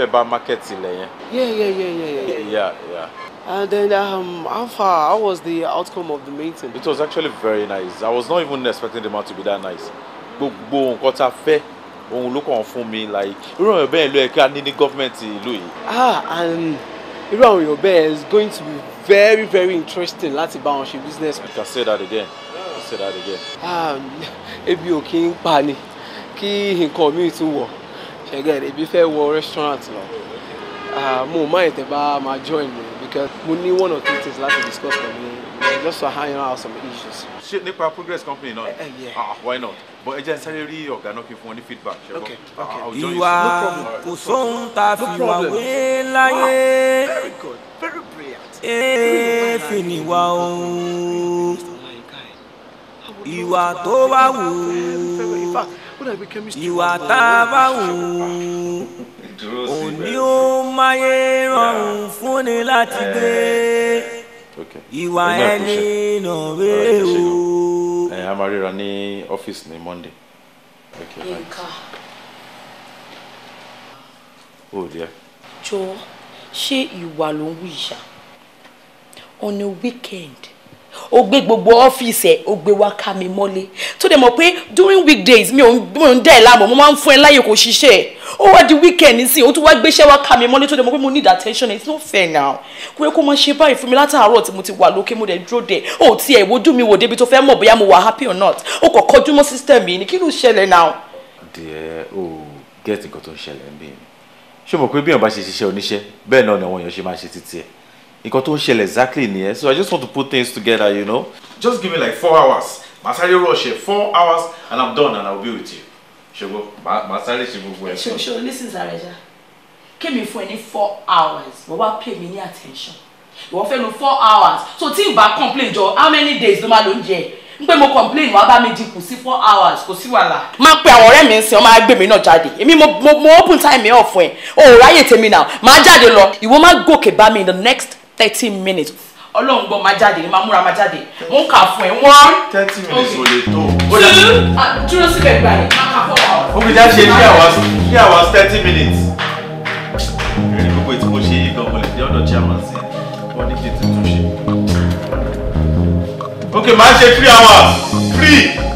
fẹ́ bá market ilẹ̀ yẹn. yeah yeah yeah yeah yeah. yeah, yeah, yeah. And then um, how far? How was the outcome of the meeting? It was actually very nice. I was not even expecting the man to be that nice. Gbogbo nǹkan tá a fẹ́ òun ló kàn fún mi like irú àwọn èèyàn bẹ́ẹ̀ ló yẹ a ní ní gọ́fìmẹ̀ntì ìlú yìí. Ah and irú àwọn èèyàn is going to be very very interesting láti bá wọn ṣe business. You can say that again. You can say that again. Ah, ebi ò kí ń pa ni kí nǹkan mi tún wọ̀ ṣẹgẹ ebi fẹ́ wọ restaurant lọ ah, mo máa yẹn tẹ bá máa join me because mo ní one or two things láti discuss for pẹ̀lú just to hang out some issues. ṣe nípa progress company náà eh, eh, ah why not but ẹ jẹ́ sáré rí ọ̀gá náà kí n fún wọn ní feedback ṣe bọ́ ah, ìwà kò sóhun tá a fi wé láyé èéfì níwà òun ìwà tó bá wù ú ìwà tá a bá wù ú òní ó máyé rọrùn fúnni láti gbé ìwà ẹni náà rèé o. ẹ a máa ríra ní ọ́fíìsì ní Monday. Okay, Yinka. Oh dear. Jọ, ṣé ìwà ló ń wù ìyá? On a weekend, ó gbé gbogbo ọ́fíìsì ẹ̀ ó gbé wá ká mi mọ́lé tó dẹ̀ mọ̀ pé during weekdays mi ò ń dẹ̀ láàmú mo máa ń fún ẹ láyè kò ṣiṣẹ́ ó wá di weekend nísìnyí ó tún wá gbéṣẹ́ wá ká mi mọ́lé tó dẹ̀ mọ̀ pé mo need attention it's not fair now kò yẹ kó máa ṣe báyìí fún mi látàárọ̀ tí mo ti wà lókè mo dẹ̀ dúró dẹ̀ ó ti ẹ̀ wojú mi wò débi tó fẹ́ mọ̀ bóyá mo wà happy or not ó kọ̀ kọjú mọ́ system mi ni kí ló ṣẹlẹ̀ now. dear o get nǹkan tó ń ṣẹlẹ̀ ń bí mi ṣé mo pé bí èèyàn bá ṣe ṣiṣẹ́ oníṣẹ́ bẹ́ẹ̀ náà ni àwọn èèyàn ṣe máa ṣe títí ẹ̀ nǹkan tó ń ṣẹlẹ̀ exactly nìyẹn so i just want to put things together you know. just give me like four hours Masari. Rush it four hours and i'm done and i'll be with you ṣùgbọ́n Masari. sáré ṣe gbogbo ẹ̀. ṣo ṣo listen Zareja kémi fún ẹ ní four hours wọ́n wá pay mi ní attention ìwọ fẹ́ nu four hours so tí ìbá complain jọ how many days ló máa ló ń jẹ n pé mo complain wàá bá mi dínkù sí four hours kò sí wàhálà. máa pe àwọn ọ̀rẹ́ mi ń sìn ọ́ máa gbé mi náà jáde èmi mo open time mi ọ̀ fún ẹ o ò ráyè tèmi náà máa jáde lọ ìwọ máa gòkè bá mi in the next thirty minutes ọlọ́run gbọ́ máa jáde máa múra máa jáde mo ń kà fún ẹ wọ́n. thirty minutes ò lè tó. tulu ah, dúró síbẹ̀ gbà yìí máa kà fún wa. ó fi já ṣe three hours three hours thirty minutes. ìrìn gbogbo ètò mo ṣe yìí gan mọ̀lẹ́ ní ọ̀dọ̀ chairman sí wọ́n ní kí n ti tún ṣe. ok máa ṣe three hours three.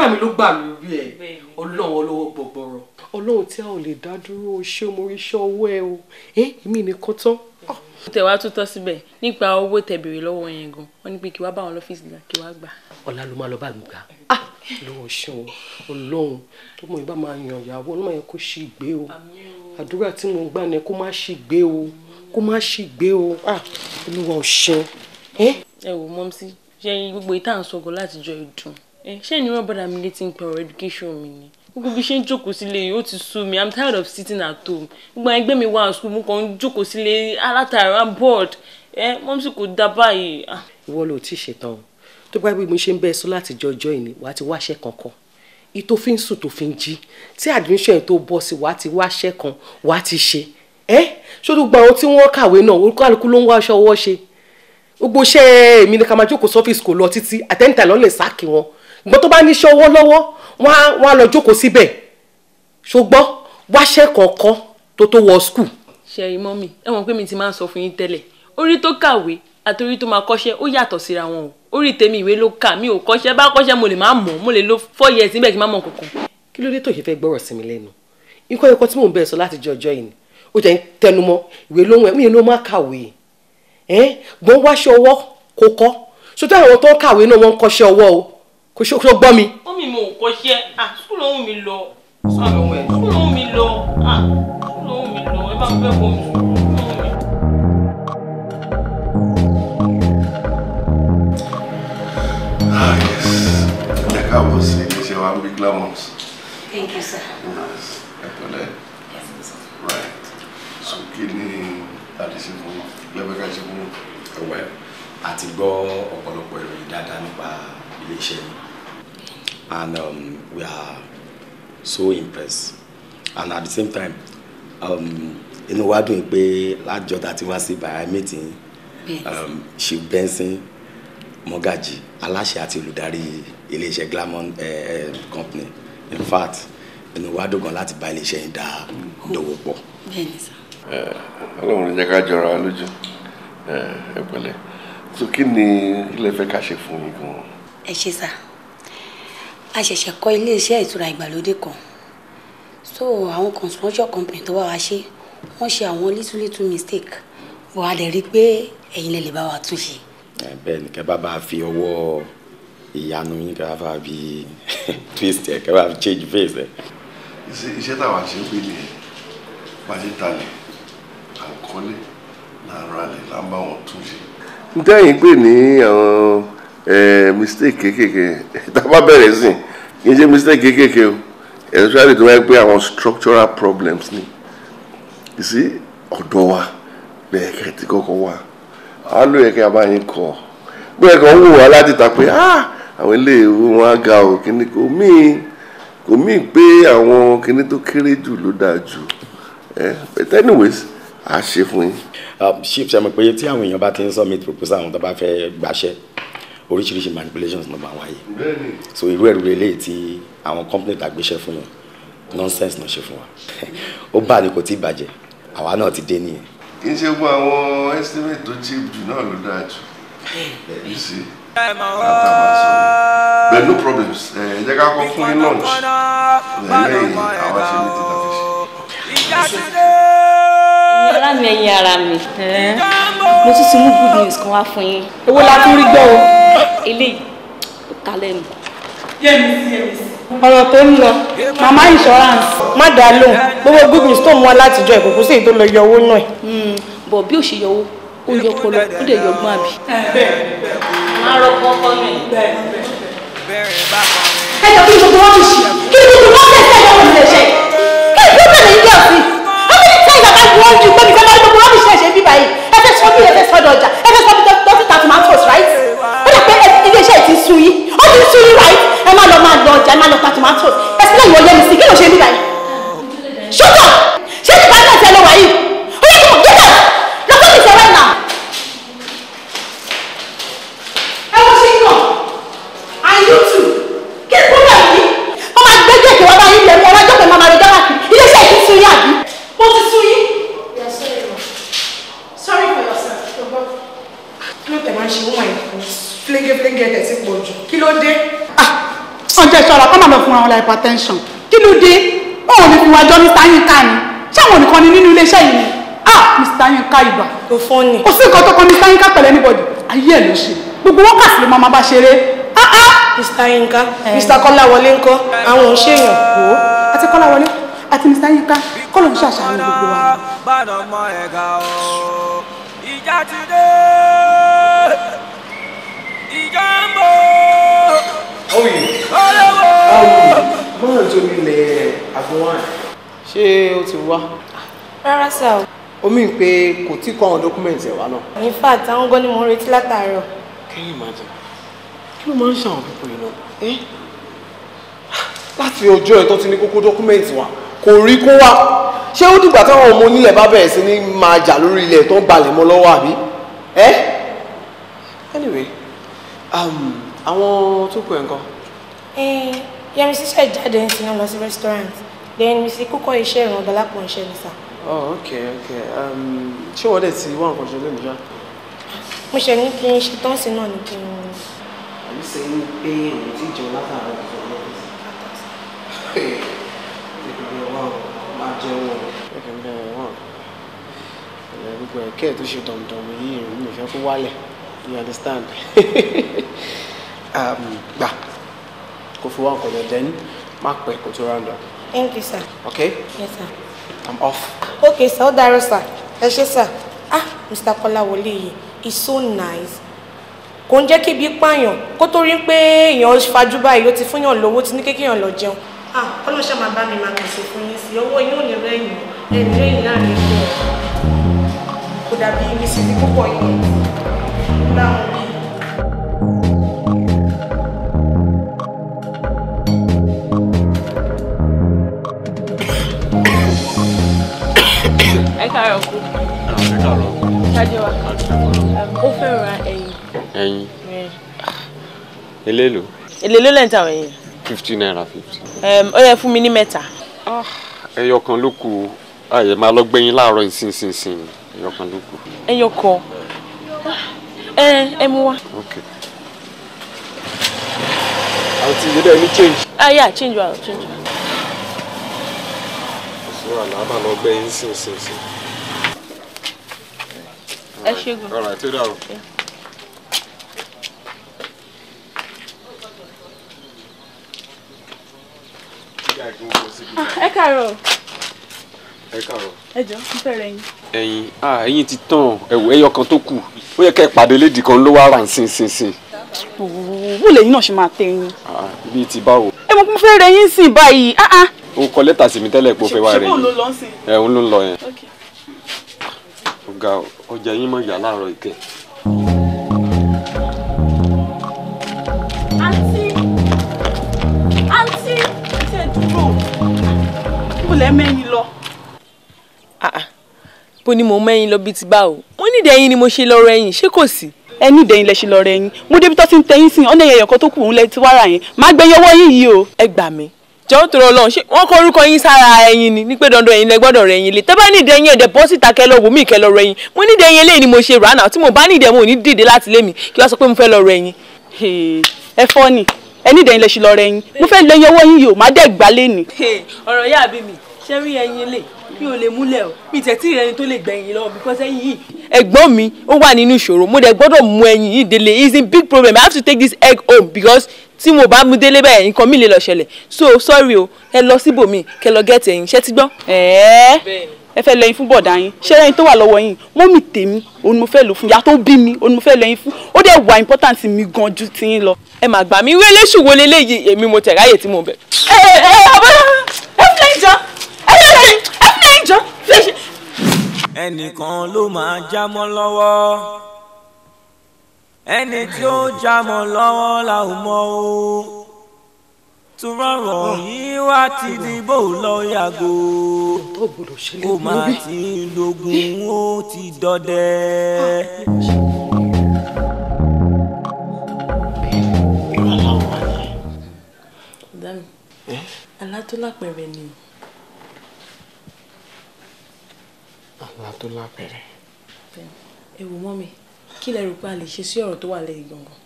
àdúrà mi ló gbà lórí ẹ ọlọ́run olówó gbọgbọrọ. ọlọ́run tí a ò lè dá dúró ṣé mo rí iṣẹ́ ọwọ́ ẹ o ẹ èmi nìkan tán. Ah. tẹ wá tún tọ́ síbẹ̀ nípa owó tẹ béèrè lọ́wọ́ yẹn gan wọ́n ní pé kí wá bá wọn lọ́fíìsì là kí wá gbà. ọ̀la ló máa lọ bá mi gbà ah. lọ́wọ́ ṣeun ọlọ́run tó mọ̀ ìbá máa yan ìyàwó ọlọ́run yẹn kó ṣì gbé o àdúrà tí mo gbà ni kó má ṣì gbé o kó má ṣì gbé o ah, olúwa ò ṣeun. ẹ wò mọ́mísí ṣe gbogbo ìtàn sọ̀gọ̀ láti jọ ìdùn ẹ eh, ṣé ẹni wọn bọ́dà mi létí ń pẹ ọ̀rọ̀ education mi ni gbogbo bí ṣe ń jókòó sílé yìí ó ti sú mi i'm tired of sitting at home gbogbo àwọn ẹgbẹ́ mi wà ní school mo kàn ń jókòó sílé alátàrà i'm bored ẹ eh, mọ́mísì kò dá báyìí. Ah. ìwọ ló ti ṣetán o tó bá bí mo ṣe ń bẹ sọ láti jọjọ ìní wàá ti wáṣẹ kankan ìtò fi ń sùn tó fi ń jí tí admission tó bọ́ sí wàá ti wáṣẹ kan wàá ti ṣe ẹ ṣọdún gba àwọn tí wọ́n kàwé náà orúkọ àlùkù ló ń wá aṣọ ọwọ́ ṣe gbogbo iṣẹ́ èmi ni ká sọ́fíìsì kò lọ títí àtẹ́ǹtà lọ́lẹ̀ sáàkì wọn nǹkan tó bá níṣẹ́ ọwọ́ lọ́wọ́ wọ́n á wọ́n á lọ jókòó síbẹ̀ ṣùgbọ́n wáṣẹ́ kọ̀ọ̀kan tó tó wọ skul. ṣẹ́rí mọ́mì ẹ mọ̀ pé mi ti máa ń sọ fún yín tẹ́lẹ̀ orí tó kàwé àti orí tó máa kọ́ṣẹ́ ó yàtọ̀ síra wọn o orí tèmi ìwé ló kà mí ò kọ́ṣẹ́ bá kọ́ṣẹ́ mo lè má mọ̀ mo lè lo four years níbẹ̀ kí n má mọ̀ kankan. kí ló dé tó ṣe fẹ́ gbọ́rọ̀ sí mi lẹ́nu ikọ́ ẹ̀kọ́ tí mò ń bẹ̀ sọ láti jọ ọjọ́ yìí ni ó jẹ́ tẹnumọ́ ìwé lóhùn ẹ̀ mí ló má kàwé gbọ́n wáṣọ ọwọ́ kó kọ́ sótú àwọn tó ń kàwé náà wọ́n ń kọ́ṣẹ́ ọwọ́ o kò ṣe kó gbọ́ mi. ó mi mọ nǹkan ṣe sùkúlù ohun mi lọ sùkúlù ohun mi lọ sùkúlù ohun mi lọ ẹ bá fẹ́ wọ mi sùkúlù Ah, yes. Ẹ káàbọ̀ sí iṣẹ́ wa Thank you, sir. Yes, ẹ Right. So kí ni àdìsí fún wa? Lẹ́bẹ̀ẹ́ká ṣe fún ẹ̀wẹ̀. A ti gbọ́ ọ̀pọ̀lọpọ̀ ìròyìn dáadáa nípa ilé iṣẹ́ yìí and um, we are so impressed and at the same time um, inú wa dùn pé lájọ tá a ti wá sí bàrà meeting um, chief benson mọ́gàjì aláṣẹ àti olùdarí iléeṣẹ́ glamour eh, eh, company in fact inú wa dùn gan láti bá iléeṣẹ́ yìí dá dòwò pọ̀. Eh, ọlọ́run jẹ́ ká jọra lójú eh, ẹ pẹ̀lẹ́ so kí ni kí lẹ fẹ́ ká ṣe fún yín gan. ẹ ṣe sá a ṣẹ̀ṣẹ̀ kọ́ iléeṣẹ́ ìtura ìgbàlódé kan so àwọn construction company tó wà wá ṣe wọ́n ṣe àwọn little little mistake bó a lè rí i pé ẹ̀yin lè lè bá wa tún ṣe. bẹ́ẹ̀ ni kẹ́ bá bá fi ọwọ́ ìyanu yín kẹ́ bá bá fi twist ẹ̀ kẹ́ bá fi change face ẹ̀. iṣẹ́ táwa ṣe ń pè ní pàṣípàlẹ̀ àkọlé làárọ̀ àlẹ́ là ń bá wọn tún ṣe. n tẹ́yìn pè ní àwọn mistake kékèké tá a bá bẹ̀rẹ̀ sí kì í ṣe mistake kékèké o especially tó wáyé pé àwọn structural problems ni see, ọ̀dọ̀ wa bẹ́ẹ̀ kẹ́ ti kọ́kọ́ wá a ló yẹ kí a bá yín kọ́ bẹ́ẹ̀ kan wù wá láti ta pé àwọn ilé ìwé wọn á ga o kíní kò míì kò míì pé àwọn kíní tó kéré jù ló dáa jù but anyways a ṣe fún yín. Um, chief ṣe mọ̀ pé tí àwọn èèyàn bá ti ń submit proposal àwọn tó bá fẹ́ gbàṣẹ́ oríṣiríṣi manipulations ló máa wáyé so irú ẹ̀rù rẹ̀ léyìí tí àwọn company tàgbéṣẹ́ fún yàn nonsense náà ṣe fún wa ó bá ní kò tí ì bàjẹ́ àwa náà ti dé nìyẹn. kì í ṣe gbọ́ àwọn estimate tó cheap jù náà ló dáa jù you see but no problems ẹ jẹ́ ká kọ́ fún yín lunch lẹ́yìn àwọn ṣe ní títà ọlá mi ẹ̀yin ara mi mo tún ti mú good news kan wá fún yín. owó la tún rí gbọ́ o. eléyìí ó ta lẹ́nu. ọ̀rọ̀ tó ń lọ mama insurance má dàá lóhùn gbogbo good news tó ń wá látijọ́ ìkòkò sí ètò lọ yọ owó náà. Hmm, bọ̀ bí ó ṣe yọ owó ó yọ ọpọlọ ó dẹ̀ yọ gbọ́n àbí. máa rọ kọ́kọ́ mi. ẹ jọ kí gbogbo wọn ti ṣe kí gbogbo wọn tẹsẹ̀ yọ wọn lè ṣe kí gbogbo wọn lè yọ ẹ̀kú ojú pé mi fẹ́ bá gbogbo rọ́bì ṣẹ̀ṣẹ̀ bí báyìí ẹ fẹ́ sọ bí ẹ fẹ́ sọ dọjà ẹ fẹ́ sọ bí dókítà tomatoes right ó dà pé ilé iṣẹ́ ti sú yín ó ti sú yín right ẹ má lọ máa lọ ọjà ẹ má lọ ta tomatoes ẹ sílẹ̀ ìwọ̀n lẹ́nu sí kí ló ṣe bí báyìí ṣùgbọ́n ṣé ìbáraẹ̀ tẹ lọ wáyé hypertension kí ló dé báwo ni fi wájọ́ mr yinka ni ṣáwọn nìkan ni nínú iléeṣẹ́ yìí ni ah mr yinka ibà kò fọ́ọ̀nì kò sí nǹkan tó kọ mr yinka pẹ̀lú anybody ayé ẹ̀ ló ṣe gbogbo wákàtí ló máa bá ṣeré ah ah. mr yinka mr kọ́láwọlé ńkọ́ àwọn ò ṣèyàn wò ó àti kọ́láwọlé àti mr yinka kọ́ ló ń ṣàṣàyàn gbogbo wa. bàdàn mọ ẹ̀gá o ìjà ti dé ìjọba. mọ́nà tí omi lẹ̀ àgbọ̀n ṣé o ti wá. rárá sá o. omi pé kò tí kọ́ àwọn dọ́kúmẹ̀ntì ẹ̀ wá náà. in fact àwọn gan ni mo ń retí látàárọ̀. kẹ́yìn máa jẹ kí ló máa ń ṣàwọn pípọ̀ yìí náà. Eh? láti ọjọ́ ẹ̀ tó ti ní kókó dọ́kúmẹ̀ntì wa kò rí kó wá ṣé ó dìgbà táwọn ọmọ onílẹ̀ bá bẹ̀rẹ̀ sí ní máa jà lórí ilẹ̀ tó ń balẹ̀ mọ́ lọ́wọ́ àbí. Eh? anyway um, àwọn tó kù ẹ̀ ń kọ́. Eh, Yẹmisí ṣe jáde ń sin lọ sí restaurant then Mr. kúkọ iṣẹ́ ìran Dọlápọ̀ ń ṣe ní sà. oh okay okay um, ṣé wọ́n dẹ̀ ti wá nǹkan ṣe lónìí ṣá. mo ṣe ní kí n ṣe tán sí náà ní kí n. àbí ṣe ní pé èyí ti jẹun látàárọ̀ ọ̀sán lọ́wọ́ máa jẹun o. ẹ̀kẹ́ bẹ́ẹ̀ wọ́n ẹ̀rọ gbogbo ẹ̀kẹ́ tó ṣe dọ̀mdọ̀m yìí mi fẹ́ kó wálẹ̀ you understand. Um, gbà um, kó fi wá nǹkan then má pẹ́ kó tó round up. thank you sir. okay. yes sir. i'm off. okay sir ó dàárọ̀ sir ẹ sir ah mr Kola yìí he's so nice kò ń jẹ́ kí ibi pààyàn kó tó rí pé èèyàn fajú báyìí ó ti fúnyàn lówó ti ní kékeré lọ jẹun. ah ọlọ́ṣà máa bá mi máa pèsè fún yín sí owó yín ò ní rẹ́yìn ẹ̀ẹ́dì rẹ́yìn láàrin ìgbọ̀ kò dàbí ibi sí ti púpọ̀ yìí láwọn. káàrọ̀ kú. àwọn káàrọ̀ kú. ṣáájú wa ó fẹ́ ra ẹyin. ẹyin eléèlò. eléèlò lẹ́yìn táwọn ẹyin. fifty naira fifty. ó yẹ fún mi ní mẹ́ta. Ah, ẹyọ kan ló kù ayẹ máa lọ gbẹ̀yìn láàárọ̀ ìsinsinsin ẹyọ kan ló kù. ẹyọ kan ah, ẹ mú wá. àti ìyẹ́dẹ̀ ní change. ah yeah change wa change wa. ọ̀sùn àlàbà lọ gbẹ́yìn sí ẹ ṣègùn. ọ̀rọ̀ àti ìdá o. ẹ káàárọ̀. ẹ káàárọ̀. ẹ jọ n fẹ́ rẹ yín. ẹyin ah, ẹyin ti tán ẹwọ ẹyọ kan tó kù ó yẹ ká ẹ pàdé lédi kan ló wá rà nísinsìnyí. wò lẹ́yìn náà ṣe máa tẹ yín. Ah, bíi ti báwo. ẹ mọ̀ pé mo fẹ́ rẹ yín sí báyìí. ó ah, kọ lẹ́tà sí mi tẹ́lẹ̀ pé ó fẹ́ wá rẹ yín. ṣé bóun ló lọ sí. ẹ̀ ń lọ yẹn ọ̀gá ọjà yín mọ̀ yà láàárọ̀ ìkẹ́. àǹtí àǹtí ṣe dúró kó lẹ́ mẹ́yìn lọ. Ah, ah. bó ni mo mẹ́yìn lọ bíi ti báwo mo nídìí ẹyin ni mo ṣe lọ rẹ ẹyin ṣé kò sí ẹ ní ìdẹ̀yìn lẹ̀ ṣe lọ rẹ yín mo débi tó ti ń tẹ̀yìn sí ọ̀nà ẹ̀yẹ̀yẹ̀ kan tó kù ń lẹ ti wára yẹn má gbẹ̀yìn ọwọ́ yín yìí o. ẹ gbà mí jọ̀ọ́ tó lọ ṣé wọ́n kọ orúkọ yín sára ẹyin ni ní pé dandan ẹ̀yin lẹ gbọ́dọ̀ rẹ ẹyin lé tẹ́ bá nídìí ẹyin ẹ̀dẹ̀ bọ́ síta kẹ́ lọ wò mí kẹ́ lọ rẹ ẹyin mo nídìí ẹyin eléyìí ni mo ṣe rà náà tí mo bá nídìí ẹ̀ mo ní dìde láti lé mi kí wọ́n sọ pé mo fẹ́ lọ rẹ ẹyin. ẹ fọ́ ni ẹ nídìí ẹyin lẹ ṣe lọ rẹ ẹyin mo fẹ́ lọ iye owó yín yòó má dẹ́ gbà ni. ọ̀rọ̀ yá àbí mi ṣe rí ẹyin lè mi ò lè múlẹ̀ o mi tẹ̀ tí ìrẹni tó lè gbẹ̀yìn lọ because ẹyin yìí. ẹ̀gbọ́n mi ó wà nínú ìṣòro mo dẹ̀ gbọ́dọ̀ mú ẹyin yìí délé it's a big problem I have to take this egg home because tí mo bá mú délé bẹ́ẹ̀ nǹkan mi lè lọ ṣẹlẹ̀ so sorry o ẹ lọ síbòmí kẹ lọ gẹ́tì ẹyin ṣẹ́ ti gbọ́. ẹ̀ẹ́ ẹ fẹ́ lẹ́yìn fún bọ̀dá yín ṣé lẹ́yìn tó wà lọ́wọ́ yín mọ́mì tèmi òun mo fẹ́ lò fún ìyá tó bí mi òun mo fẹ́ lẹ́yìn fún ó dẹ̀ wà important mi gan ju tiyín lọ. ẹ mà gbà mí wé léṣù wo leléyìí èmi mo tẹ̀ ráyè tí mo bẹ̀. ẹ ẹ ẹ abọ́dọ̀ ẹnìkan ló máa jámọ́ lọ́wọ́ ẹni tí ó jámọ́ lọ́wọ́ la ò mọ̀ o túrọ̀rọ̀ ah. yìí wá ti di bó lọ yàgò ó máa ti dogun ó ti dọdẹ. alátúlápẹ̀rẹ̀ ah, ni. Eh? àlá tó lápẹẹrẹ. ẹ wò mọ́ mi kí lẹ rò pé a lè ṣe sí ọ̀rọ̀ tó wà lẹ́yìn gbọ̀ngàn.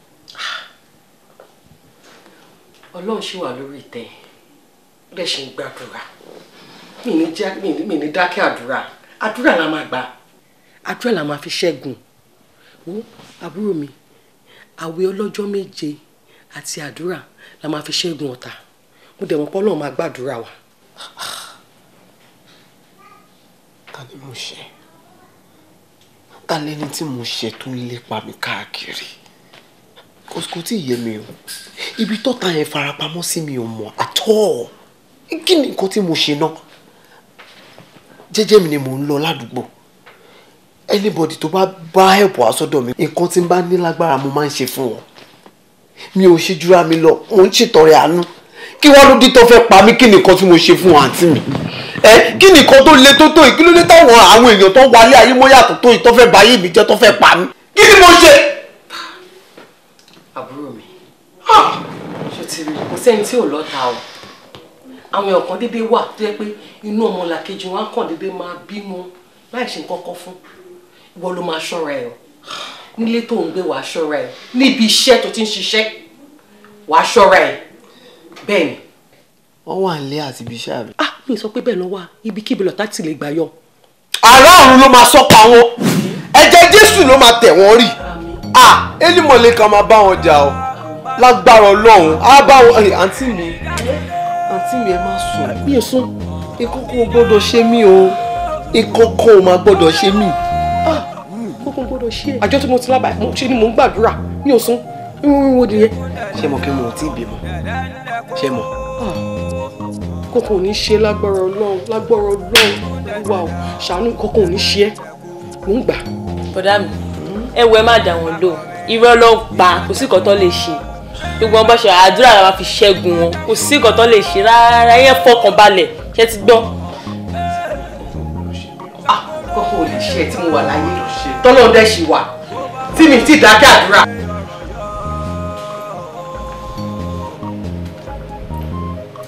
ọlọ́run ṣì wà lórí ìtẹ́ rẹ̀ ṣe ń gbàdúrà mi ní dákẹ́ àdúrà àdúrà la máa gbà àdúrà la máa fi ṣẹ́gun wo àbúrò mi àwẹ̀ ọlọ́jọ́ méje àti àdúrà la máa fi ṣẹ́gun ọ̀tá mo dẹ̀ mọ̀ pé ọlọ́run máa gbàdúrà wa ta ni mo ṣe ta lẹni tí mo ṣe tó lépa mi káàkiri kò tí ì yé mi o ibi tọ́ta yẹn farapamọ́ sí mi ò mọ̀ àtọ́ kí ni nǹkan tí mo ṣe náà jẹ́jẹ́ mi ni mò ń lọ ládùúgbò anybody tó bá bá help wá sọ́dọ̀ mi nǹkan tí n bá ní lágbára mo máa ń ṣe fún wọn mi ò ṣe jura mi lọ mò ń ṣètọrẹ àánú kí wọ́n ló dé tó fẹ́ pa mí kí nìkan tí mo ṣe fún àǹtí mi ẹ kí nìkan tó le tó tó yìí kí ló dé táwọn àwọn èèyàn tó wálé ayé mọ́ yàtọ̀ tó yìí tó fẹ́ ba ayé mi jẹ́ tó fẹ́ pa mí kí ni mo ṣe. àbúrò mi ṣe ti rí kò sẹ́ni tí ò lọ́ta o àwọn èèyàn kan déédéé wà tó yẹ pé inú ọmọlàkejì wọn á kàn déédéé máa bímọ láì ṣe nǹkan kan fún ìwọ ló máa ṣọ́ra ẹ̀ o nílé tó ń gbé wàá ṣọ́ra ẹ̀ níbi iṣẹ́ tó ti ń ṣiṣẹ́ wàá ṣọ́ra ẹ̀ bẹ́ẹ̀ ni. wọ́n wà nílé àti ibi iṣẹ́ àbí. ah mi sọ pé bẹ́ẹ̀ náà wà ibikíbi lọ́tà ti lè gbà yọ. ará ọ̀run ló máa sọ pa wọn ẹ̀jẹ̀ jésù ló máa tẹ̀ wọ́n rì ah elimọ̀lẹ́ kan máa bá wọn jà o lágbára ọlọ́run á bá wọn rìn àǹtí mi àǹtí mi ẹ má sùn mi ò sùn ìkókó gbọ́dọ̀ ṣe mí o ìkókó máa gbọ́dọ̀ ṣe mí ah, ìkókó gbọ́dọ̀ ṣe é àjọ tí mo ti lábàá ṣe ni mò ń gbàdúrà mi ò sùn ìwọ ìwọ nìyẹn ṣé mo kí mo ò tí ì bímọ ṣe mọ̀. kókó ò ní ṣe lágbára ọlọ́run lágbára ọlọ́run wà ó ṣàánú kókó ò ní ṣe é mò ń gbà. bọ̀dá mi ẹ wọ ẹ má dà wọ́n lò irọ́ ló ń pa kò sí nǹkan tó lè ṣe gbogbo wọn bá ṣe àdúrà la máa fi ṣẹ́gun wọn kò sí nǹkan lè ṣe rárá yẹn fọkàn ṣe ti gbọ́. Ah, kókó ò ṣe tí mo wà láyé tọ́lọ́dẹ̀ ṣì wà tí mi ti dákẹ́ àdúrà.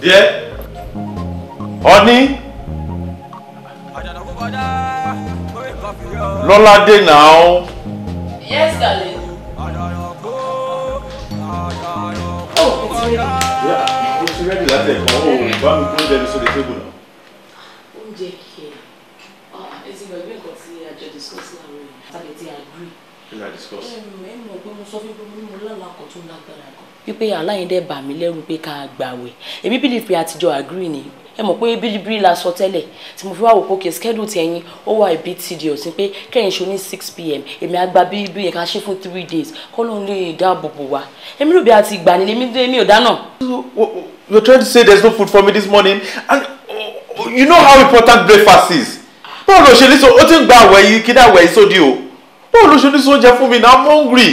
yẹ ọní lọ́ládé náà. yes darling. oh it's ready. yeah it's ready láti ẹ̀kọ́ o oh, bá mi kúrò dẹni sórí tébù náà. oúnjẹ kìí ẹtì ah, gbàgbé nǹkan tí a jọ discuss láàárọ̀ yìí tàbí tí a agree. kí ni a ẹ mọ̀ pé mo sọ fún mi pé mo lálàá kan tó lágbára wípé aláyẹ̀dẹ̀ bà mí lẹ́rù pé ká gbàwẹ̀ èmi bìlì pé àtijọ́ àgírí ni ẹ mọ̀ pé bílíbílí la sọ tẹ́lẹ̀ tí mo fi wá wò pé òkè schedule ti ẹyin ó wà ibi ti di ọ̀sìn pé kẹ́yìn ṣo ní six pm èmi àgbà bíbí yẹn ká ṣe fún three days kọ́ ló ń lè dáàbò bò wá èmi ló bí a ti gbà nílé mi ò dáná. you are trying to say there is no food for me this morning and you know how important breakfast is báwo ló ṣe ní so ó ti ń gba àwẹ̀ yìí kí ní àwẹ̀ yìí sódì o báwo ló ṣe ní so oúnjẹ fún mi na I'm hungry.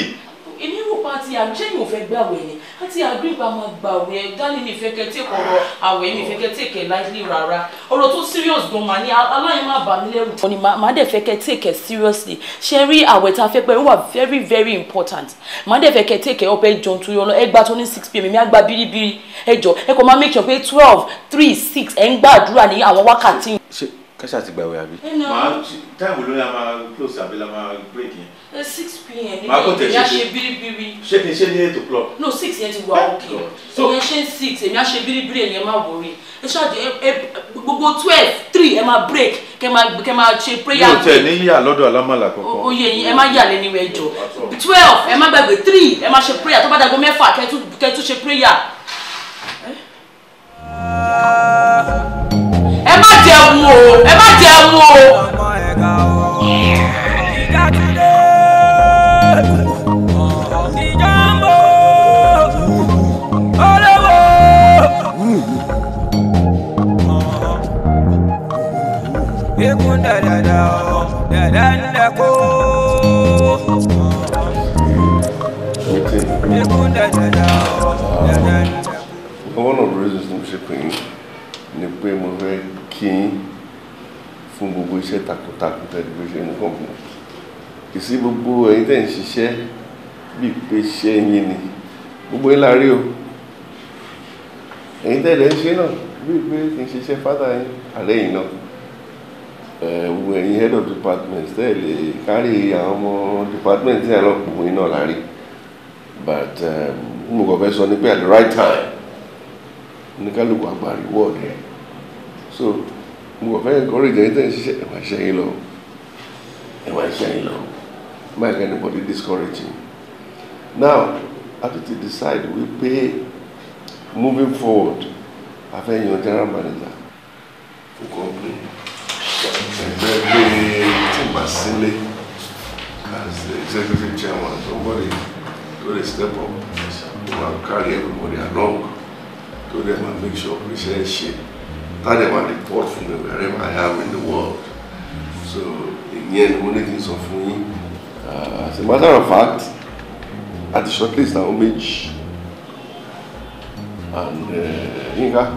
èmi rò pa ti àbíṣẹ́yìn ò fẹ́ gbàwẹ̀ ni wọ́n ti agree pa máa gbà wẹ̀ dání mi fẹ́ kẹ́ tèkọ̀ ọ̀rọ̀ àwẹ̀ mi fẹ́ kẹ́ tèkẹ̀ lightly rárá ọ̀rọ̀ tó serious gan ma ni aláìní má bà mí lẹ́rù. wọ́n ní màá dẹ̀ fẹ́ kẹ́ tèkẹ̀ seriously ṣe rí àwẹ̀ tá a fẹ́ pẹ́ wà very very important màá dẹ̀ fẹ́ kẹ́ tèkẹ̀ ọ̀pẹ jọ̀n tó yọ lọ ẹgbà tó ní six pm èmi àgbà biribiri ẹjọ ẹ kò máa make sure pé twelve three six ẹ̀ ń gbàdúrà ní àwọn wákàtí. ṣe kẹ́sà ti gbàwẹ̀ àbí. máa táìmù ló yà máa close àbí la máa break Eh, six pm ní ìyá ṣe biribiri. ṣé kì í ṣe ní eight o'clock. no six yẹn ti wà òkè oh ìyẹn ṣe ń six èmi á ṣe biribiri ẹni ẹ má wọrí ẹ ṣáàjì ẹ gbogbo twelve three ẹ máa break kẹ máa kẹ máa ṣe prayer. yóò tẹ ní yà lọ́dọ̀ alámàlà kankan. oyè yín ẹ má yà lẹ́ni rẹ̀ jọ twelve ẹ má gbàgbé three ẹ má ṣe prayer tó bá dàgbọ́ mẹ́fà kẹ tún ṣe prayer. ẹ má jẹun o ẹ má jẹun o. dàdàdà one of the reasons mo ṣe pè yín ni pé mo fẹ́ kí yín fún gbogbo iṣẹ́ takuntakun tẹ́lẹ̀ bí ó ṣe mú kàn fún kì sí gbogbo ẹ̀yin tẹ́ ń ṣiṣẹ́ bí pé iṣẹ́ yín ni gbogbo yín la o ẹ̀yin tẹ́lẹ̀ ń ṣe náà bí pé kì í ṣiṣẹ́ fádà yín àlẹ́ yìí náà. Eh, gbogbo ẹ̀yin head of department tẹ́ ẹ̀ lè kárí àwọn ọmọ department tí a lọ pò wọ́n náà lárí but um, mo kàn fẹ́ sọ ni pé at the right time oníkálukú àgbà reward ẹ̀ so mo kàn fẹ́ encourage ẹ̀yin tẹ́ ẹ̀ ṣiṣẹ́ ẹ̀wà iṣẹ́ yín lọ ẹ̀wà iṣẹ́ yín lọ má yẹ kí anybody discouraging. now after tún decide, we pay moving forward a fẹ́ general manager fún company ẹgbẹ́ pé tí sílé as the executive chairman somebody to dey step up to ma carry everybody along to dey ma make sure we ṣe é ṣe tádé ma report from the wherever I am in the world so ìyẹn ni mo ní kí n sọ fún yín uh, as a matter of fact at the shortlist àwọn méjì and uh, Yínká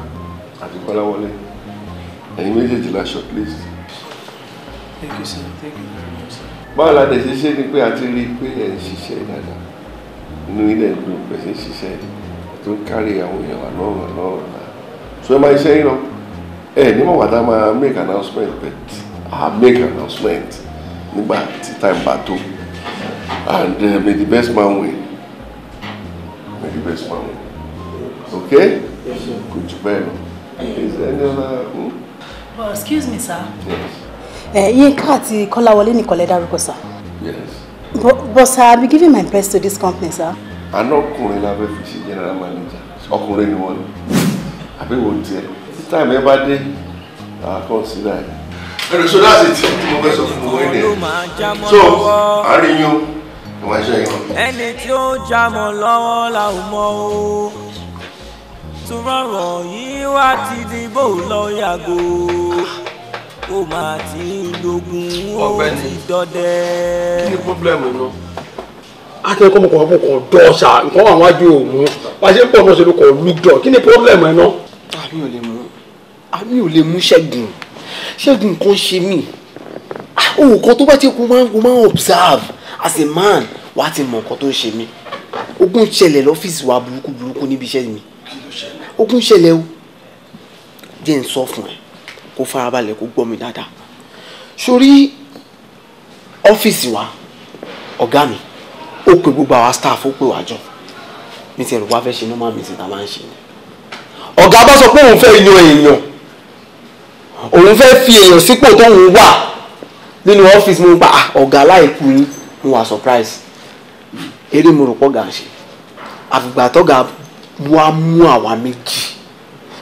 àti Kọ́láwọlé ẹ̀yin méjèèjì la shortlist thank you sir thank you very much sir. báwo la dẹ̀ ṣe ṣe ni pé a ti rí i pé ẹ̀ ń ṣiṣẹ́ dáadáa inú ilẹ̀ ń dùn pẹ̀sẹ̀ ń ṣiṣẹ́ tó ń kárí àwọn èèyàn wà lọ́rùn lọ́rùn náà so ẹ máa ṣe é lọ ẹ ní mọ̀ wàdà máa make announcement but I make announcement nígbà tí time bá tó and uh, may the best man win may the best man win okay kò jù bẹ́ẹ̀ lọ is there any other. Hmm? Well, oh, excuse me, sir. Yes. Eh, Yinka àti Kọ́láwọlé nìkan lẹ dárúkọ sir. Yes. But, sir, I'll be giving my best to this company sir. Àná ọkùnrin la fẹ́ fi ṣe general manager. Ọkùnrin ni wọ́n ní. Àbí wo tiẹ̀? Títà ìmọ̀ ẹ bá dé, àá consider ẹ̀. Ẹnu so that's it mo fẹ́ sọ fún gbogbo ẹ̀dẹ̀. So, àárín yín o, ìwà iṣẹ́ yìí wọ́n. Ẹni tí ó jámọ̀ lọ́wọ́ la ò mọ̀ o tún yìí wá ti di bó lọ yàgò ó máa ti ń dogun ó ti dọdẹ. kí ni pọ́blẹ́mù náà akẹ́kọ̀ọ́ kọ́mọkọ̀ wọn kọ̀ dọ́ọ̀ṣà nǹkan wà wájú òun wá ṣe ń pọ̀ náà ṣe ló kọ̀ lùdọ̀ kí ni pọ́blẹ́mù ẹ̀ náà. àmì ò lè mú àmì ah, ò lè mú ṣẹ́gun ṣẹ́gun kan ṣe mí òun ah, kan tó bá ti kú máa ń kú máa ń observe as a man wàá ti mọ nǹkan tó ń ṣe mí ogun ṣẹlẹ̀ lọ́fíìsì wa burúkú burúkú níbi iṣẹ́ mi ogun ṣẹlẹ̀ o jẹ́ n sọ fún ẹ kó farabalẹ̀ kó gbọ́ mi dáadáa sórí ọ́fíìsì wa ọ̀gá mi ó pe gbogbo àwa staff ó pe wá jọ ní ti ẹ̀rù wá fẹ́ ṣe normal meeting tá máa ń ṣe ni ọ̀gá bá sọ pé òun fẹ́ yan èèyàn òun fẹ́ fi èèyàn sípò tóun wà nínú ọ́fíìsì mo gbà ọ̀gá láìkú yín mo wà surprise eré mo rò pọ̀ gà ń ṣe àfìgbà tọ́gà wa mú àwa méjì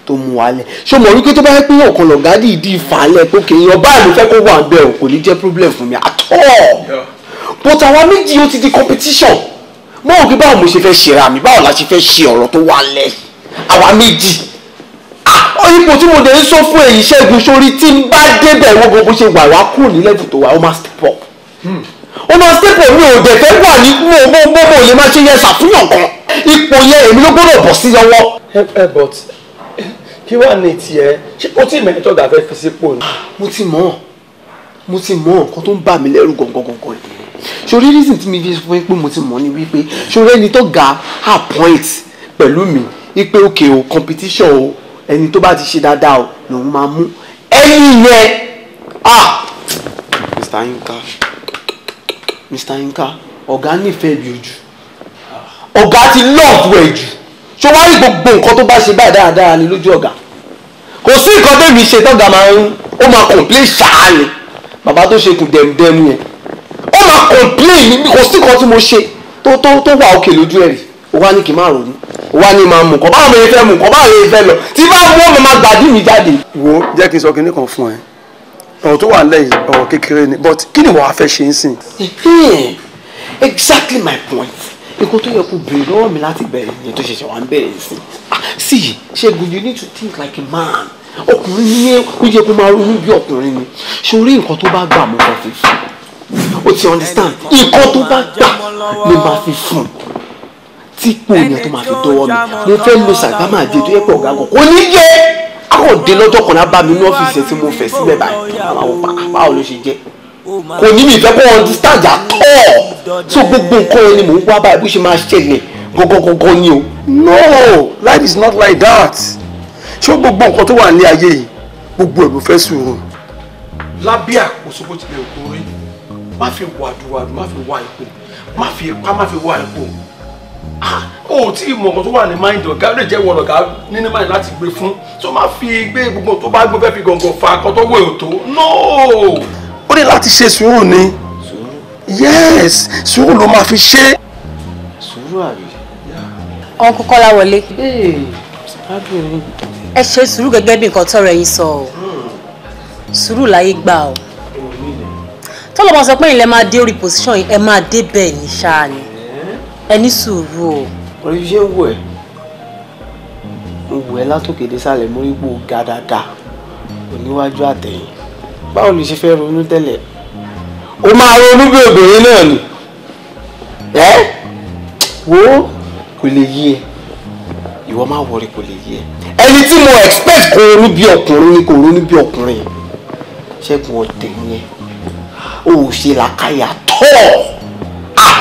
tó mú wálẹ̀ ṣó mọ̀ wípé tó bá yẹ pé yàn kan lọ̀gá dìídì ìfàlẹ̀ pé kì í yan báyìí ló fẹ́ kó wà bẹ́ẹ̀ o kò ní jẹ́ problem fún mi at all but àwa méjì ó ti di competition mọ́ òkè báwo mo ṣe fẹ́ ṣe ra mi báwo la ṣe fẹ́ ṣe ọ̀rọ̀ tó wà lẹ̀ àwa méjì ipò tí mo dẹ̀ ń sọ fún èyí ṣẹ́gun sórí tí ń bá débẹ̀ wọ́n gbogbo ṣe wà wá kúrò ní level tó wà ó máa step up hmm. ó máa step up mi ò dẹ̀ fẹ́ wà ní mo mo mo mo lè má ṣe yẹ ṣàtúnyàn kan ipò yẹn èmi ló gbọ́dọ̀ bọ̀ sí lọ́wọ́. ẹ eh, ẹ eh, but kí wàá ní tiẹ̀ ṣé o ti mẹ́rin tọ́gbà fẹ́ fi sípò ni. mo ti mọ̀ mo ti mọ̀ nǹkan tó ń bà mí lẹ́rù gangan gangan ni sori reason tí mi fi fún yín pé mo ti mọ̀ ni wípé sori ẹni tó ga appoint pẹ̀lú mi wípé òkè o competition o ẹni tó bá ti ṣe dáadáa o lòun máa mú ẹni yẹn ah Mr. Yinka Mr. Yinka ọ̀gá nífẹ̀ẹ́ bí ojú ọ̀gá ti lọ́ọ̀dù ẹ̀ jù ṣé wàá rí gbogbo nǹkan tó bá ṣe báyìí dáadáa ni lójú ọ̀gá kò sí nǹkan débi ṣe tọ́gà máa ń ó máa complain ṣáá ni bàbá tó ṣe kù dẹ̀mdẹ̀m yẹn ó máa complain ni kò sí nǹkan tí mo ṣe tó tó tó wà òkè lójú ẹ̀rì ó wá ní kí n má ronú ó wá ní máa mú nǹkan báwo lè fẹ́ mú nǹkan báwo lè fẹ́ lọ tí bá wọ́n mi máa gbàdí mi jáde. wo jẹ́ kí n sọ kinní kan fún ẹ ọ̀rọ̀ tó wà lẹ́yìn ọ̀rọ̀ kékeré ni but kí ni wàá fẹ́ ṣe ń sìn. exactly my point èkó tó yẹ kó béèrè lọ́wọ́ mi láti bẹ̀rẹ̀ ìyẹn tó ṣẹ̀ṣẹ̀ wà ń bẹ̀rẹ̀ sí ah, sí ṣẹ́gun you need to think like a man ọkùnrin ní ó yẹ kó máa ronú bí ọkùnrin ni ṣorí nǹkan tó bá gbà mú kan fi fún o ti understand nǹkan tó bá gbà ni màá fi fún tí ipò ènìyàn tó máa fi dọwọ́ mi mo fẹ́ lo sàgbámà àdé tó yẹ pé ọ̀gá kan kò ní yé àkàndé lọ́jọ́ kan náà bá mi ní ọ́fíìsì tí mo fẹ́ sílẹ̀ báyìí báwo ló ṣe jẹ́ kò ní mi ìfẹ́ kó understand at all so gbogbo nǹkan yẹn ni mò ń wá báyìí bó ṣe máa ṣe ni gọ́gọ́gọ́gọ́ ni o. no life is not like that ṣé gbogbo nǹkan tó wà ní ayé yìí gbogbo ẹ̀ ló fẹ́ sùúrù. lábẹ́ àkóso bó tilẹ̀ kó rí má fi wàdùwàdù má fi wá ipò má fi ipá má fi wá ipò ah, o tí ìmọ̀ nǹkan tó wà ní máìndì ọ̀gá lè jẹ́ wọn ọ̀gá nínú máìndì láti gbé fún tó má fi gbé gbogbo tó bá gbé fẹ́ fi gàngàn fa akọ́tọ́wé òtó no ó ní láti ṣe sùúrù ni yes sùúrù ló máa fi ṣe. sùúrù àbí. ọ̀n kọ́kọ́lá wọlé. ẹ ṣe sùúrù gẹ́gẹ́ bí nǹkan tọrọ ẹ̀yin sọ o hmm. sùúrù láyé gbà o tọ́lọ́mọ sọ pé ilẹ̀ máa dé orí position yìí ẹ máa dé bẹ́ẹ̀ ní ṣáà ni eh? ẹ ní sùúrù o. orí ṣé ń wò ẹ́ mo wò ẹ́ látòkè désàlẹ̀ mo rí pò ga oníwájú àtẹ̀yìn báwo ló ṣe fẹ́ ronú tẹ́lẹ̀ o máa ronú bí obìnrin náà ni ẹ wo kò lè yí ẹ ìwọ máa wọrí kò lè yí ẹ ẹni tí mo expect kò ronú bí ọkùnrin ni kò ronú bí ọkùnrin ṣẹ́gun ọ̀tẹ̀ yẹn o ò ṣe làkàyà tọ́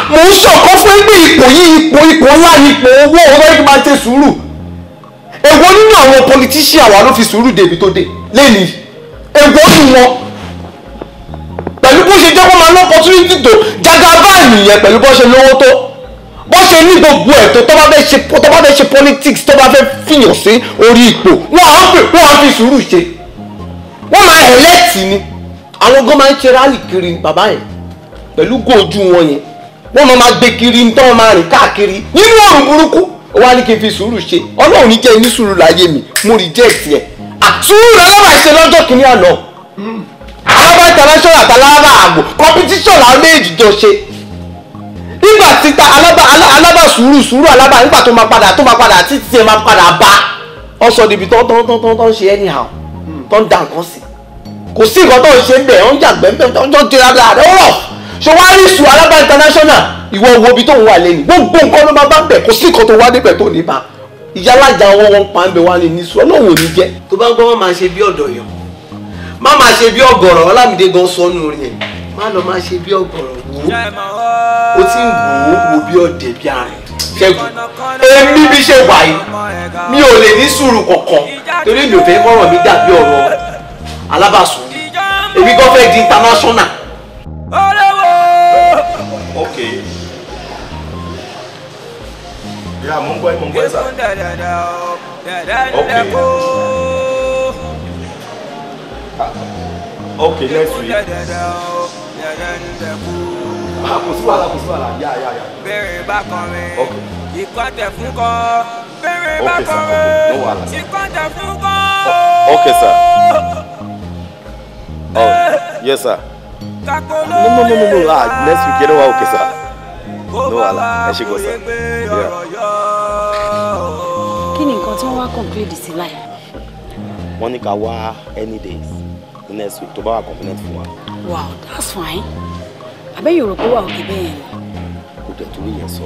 mo ń sọ̀kọ́ fún ẹgbẹ́ ipò yìí ipò ipò ńlá ipò owó ọ̀rọ̀ ẹgbẹ́ máa ṣe sùúrù èwo nínú àwọn politician wa ló fi sùúrù débi tó dé lẹ́nìí èwo ni wọn lọ́pọ̀tunítì tó jagaba nìyẹn pẹ̀lú bó ṣe lówó tó bó ṣe ní gbogbo ẹ̀ tó tó bá fẹ́ ṣe tó bá fẹ́ ṣe politics tó bá fẹ́ fìyàn sí orí ipò wọn á pè wọn á fi sùúrù ṣe wọn máa ẹlẹ́tì ni àwọn gan máa ń ṣe rálì kiri bàbá yẹn pẹ̀lú góòjú wọn yẹn wọn máa gbé kiri ní tọ́ máa rìn káàkiri nínú ọ̀rùn burúkú wọn á ní kí n fi sùúrù ṣe ọlọ́run jẹ́ ní sùúrù láyé mi mo reject ẹ̀ àtúrò lọ́wọ́ àìṣe lọ́jọ́ kìíní àná alaba international àti alaba àgbò competition làwọn méjì jọ ṣe nígbà tí ta alaba alaba sùúrù sùúrù alaba nígbà tó máa padà tó máa padà títí ẹ máa padà bá ọ sọ níbi tó tó tó tó ṣe anyhow tó ń da nǹkan sí kò sí nǹkan tó ń ṣe bẹ́ẹ̀ ó ń jàgbẹ́ ń bẹ́ẹ̀ tó ń jẹ́ ara rẹ̀ ó rọ̀ ṣe wá rí sùn alaba international ìwọ wo ibi tó ń wà lẹ́nu gbogbo nǹkan ló máa bá ń bẹ̀ kò sí nǹkan tó wá níbẹ̀ tó ní bá ìyálàjà wọn wọn pa ń bẹ wá ní ní ò má máa ṣe bí ọ̀gọ̀rọ̀ ọlámídé gan sọnù orin ẹ̀ má lọ máa ṣe bí ọ̀gọ̀rọ̀ wò ó ti ń wò ó wò bí ọ̀dẹ̀ bí ààrẹ ṣẹ́gun èmi bí ṣe wà yìí mi ò lè ní sùúrù kankan torí mi ò fẹ́ kọ́rọ̀ mi dàbí ọ̀rọ̀ alábàásùn èmi gan fẹ́ di international. ok ya mo ń gbọ́ ẹ mo ń ok. Ah, ok next week. Ah, kò sí wàhálà kò sí wàhálà yá yá yá. bèrè bákan rẹ̀ ìkọ́tẹ̀ fún kọ́ bèrè bákan rẹ̀ ìkọ́tẹ̀ fún kọ́. ok sir. oh yes sir. kakolo no no no no no ah next week yẹn wá ok sir. no wàhálà ẹ ṣe kọ sir. kí ni nǹkan tí wọ́n wá conclude sí láyé wọ́n ní any days the next week tó bá wà convenient fún wa. wow that's fine I bet pé wà òkè bẹ́ẹ̀ ni. kò dẹ̀ torí yẹn sọ.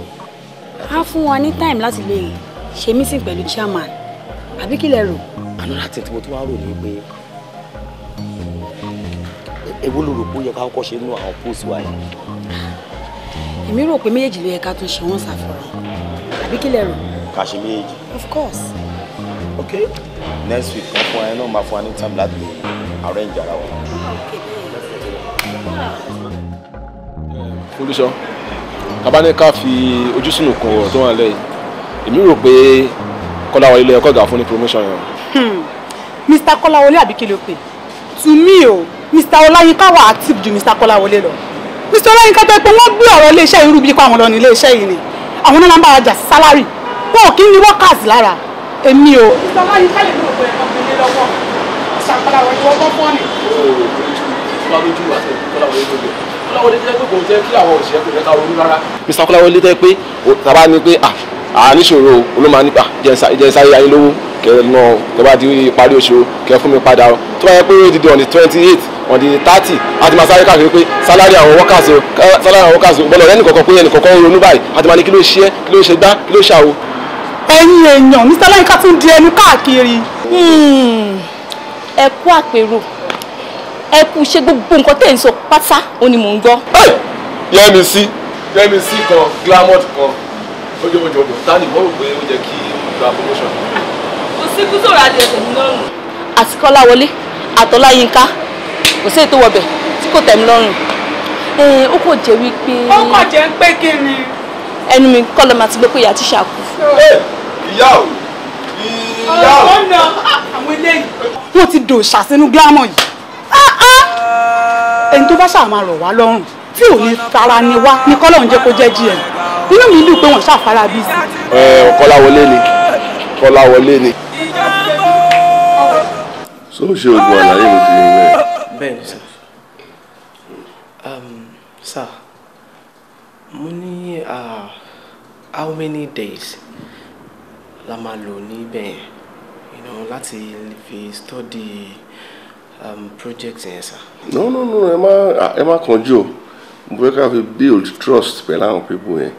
a fún wa ní time láti lè ṣe meeting pẹ̀lú chairman àbí be killer. rò. another thing tí mo tún wá we ni pé èwo ló rò pé ó yẹ ká kọ́kọ́ ṣe nínú àwọn post wa yẹn. èmi rò pé méjèèjì ló yẹ ká tún ṣe wọ́n ṣàfihàn àbí kí lẹ rò. ká ṣe méjèèjì. of course. okay next week kan fún ẹ máa fún ẹ ní láti arrange ara wa. olùsọ tabaníkà fi ojúsùnù kan ọ̀rọ̀ tó wà lẹ́yìn èmi rò pé kọ́láwọlé ló yẹ kọ́gà fún ní promotion yẹn. Hmm. mr kọ́láwọlé àbí kí ló pè to me o mr ọláyínká wà active ju mr kọ́láwọlé lọ mr ọláyínká tó yẹ pé wọ́n gbé ọ̀rọ̀ iléeṣẹ́ irú bíi kó àwọn lọ ní iléeṣẹ́ yìí ni àwọn náà ń bá wa jà sí sálárì wọn ò kí ń ní workers lára èmi o. Mr. Kọ́láwọlé tẹ́ pé tàbá ni pé àníṣòro olóma nípa jẹ́nsáré ayé lówó kẹ́ẹ̀nà tọ́ba di parí oṣù kẹ́ẹ̀ padà o tó bá yẹ pé ó dìde on the twenty eight on the thirty àti máa sáré káàkiri pé sálárì àwọn workers o àwọn workers bọ́lá ọ̀rẹ́ nìkọ̀ọ̀kan pé ẹnìkọ̀ọ̀kan ronú báyìí àti máa ní kí ló ṣe é kí ló ṣe gbá kí ló ṣàwò ẹ̀yin èèyàn Mr. Láyínká tún di ẹnu káàkiri. Hmm. ẹ kú àpérò ẹ kú ṣe gbogbo nǹkan tẹ̀ ń sọ pátá òun ni mò ń gbọ́. yẹ́mi sí yẹ́mi sí kan glamour kan ojoojoojo tani mo rò pé ó jẹ́ kí mo gba promotion. kò sí kú sọ̀rọ̀ adìẹ tẹ̀mí lọ́rùn. àti Kọ́láwọlé àtọ́láyínká kò sí ètò wọ̀bẹ̀ tí kò tẹ̀mí lọ́rùn. ó kò jẹ́ wípé. ó kò jẹ́ pé kí ni. ẹnu mi kọ́ lọ́mọ àti gbé pé ìyá tíṣà kù ìyá ò ní ìyá ò. ọ̀rọ̀ náà àwọn eléyìí. wọ́n ti dòṣà sínú gílámọ̀ yìí. ẹni tó bá ṣáà máa rọ̀ wá lọ́rùn tí ò ní fara ni wá ní kọ́lọ̀ ń jẹ́ kó jẹ́ gm inú mi dùn pé wọ́n ṣàfara bí ẹ kọ́láwọlé ni kọ́láwọlé ni. so ṣe oògùn àlàyé mi ti yẹn bẹ́ẹ̀. sá sá um, mo ní uh, how many days la máa lò níbẹ̀ yẹn you know, láti fi study um, project yẹn sir. no no no ẹ má ẹ má kánjú o mo fẹ́ ká fi build trust pẹ̀lú àwọn pipo yẹn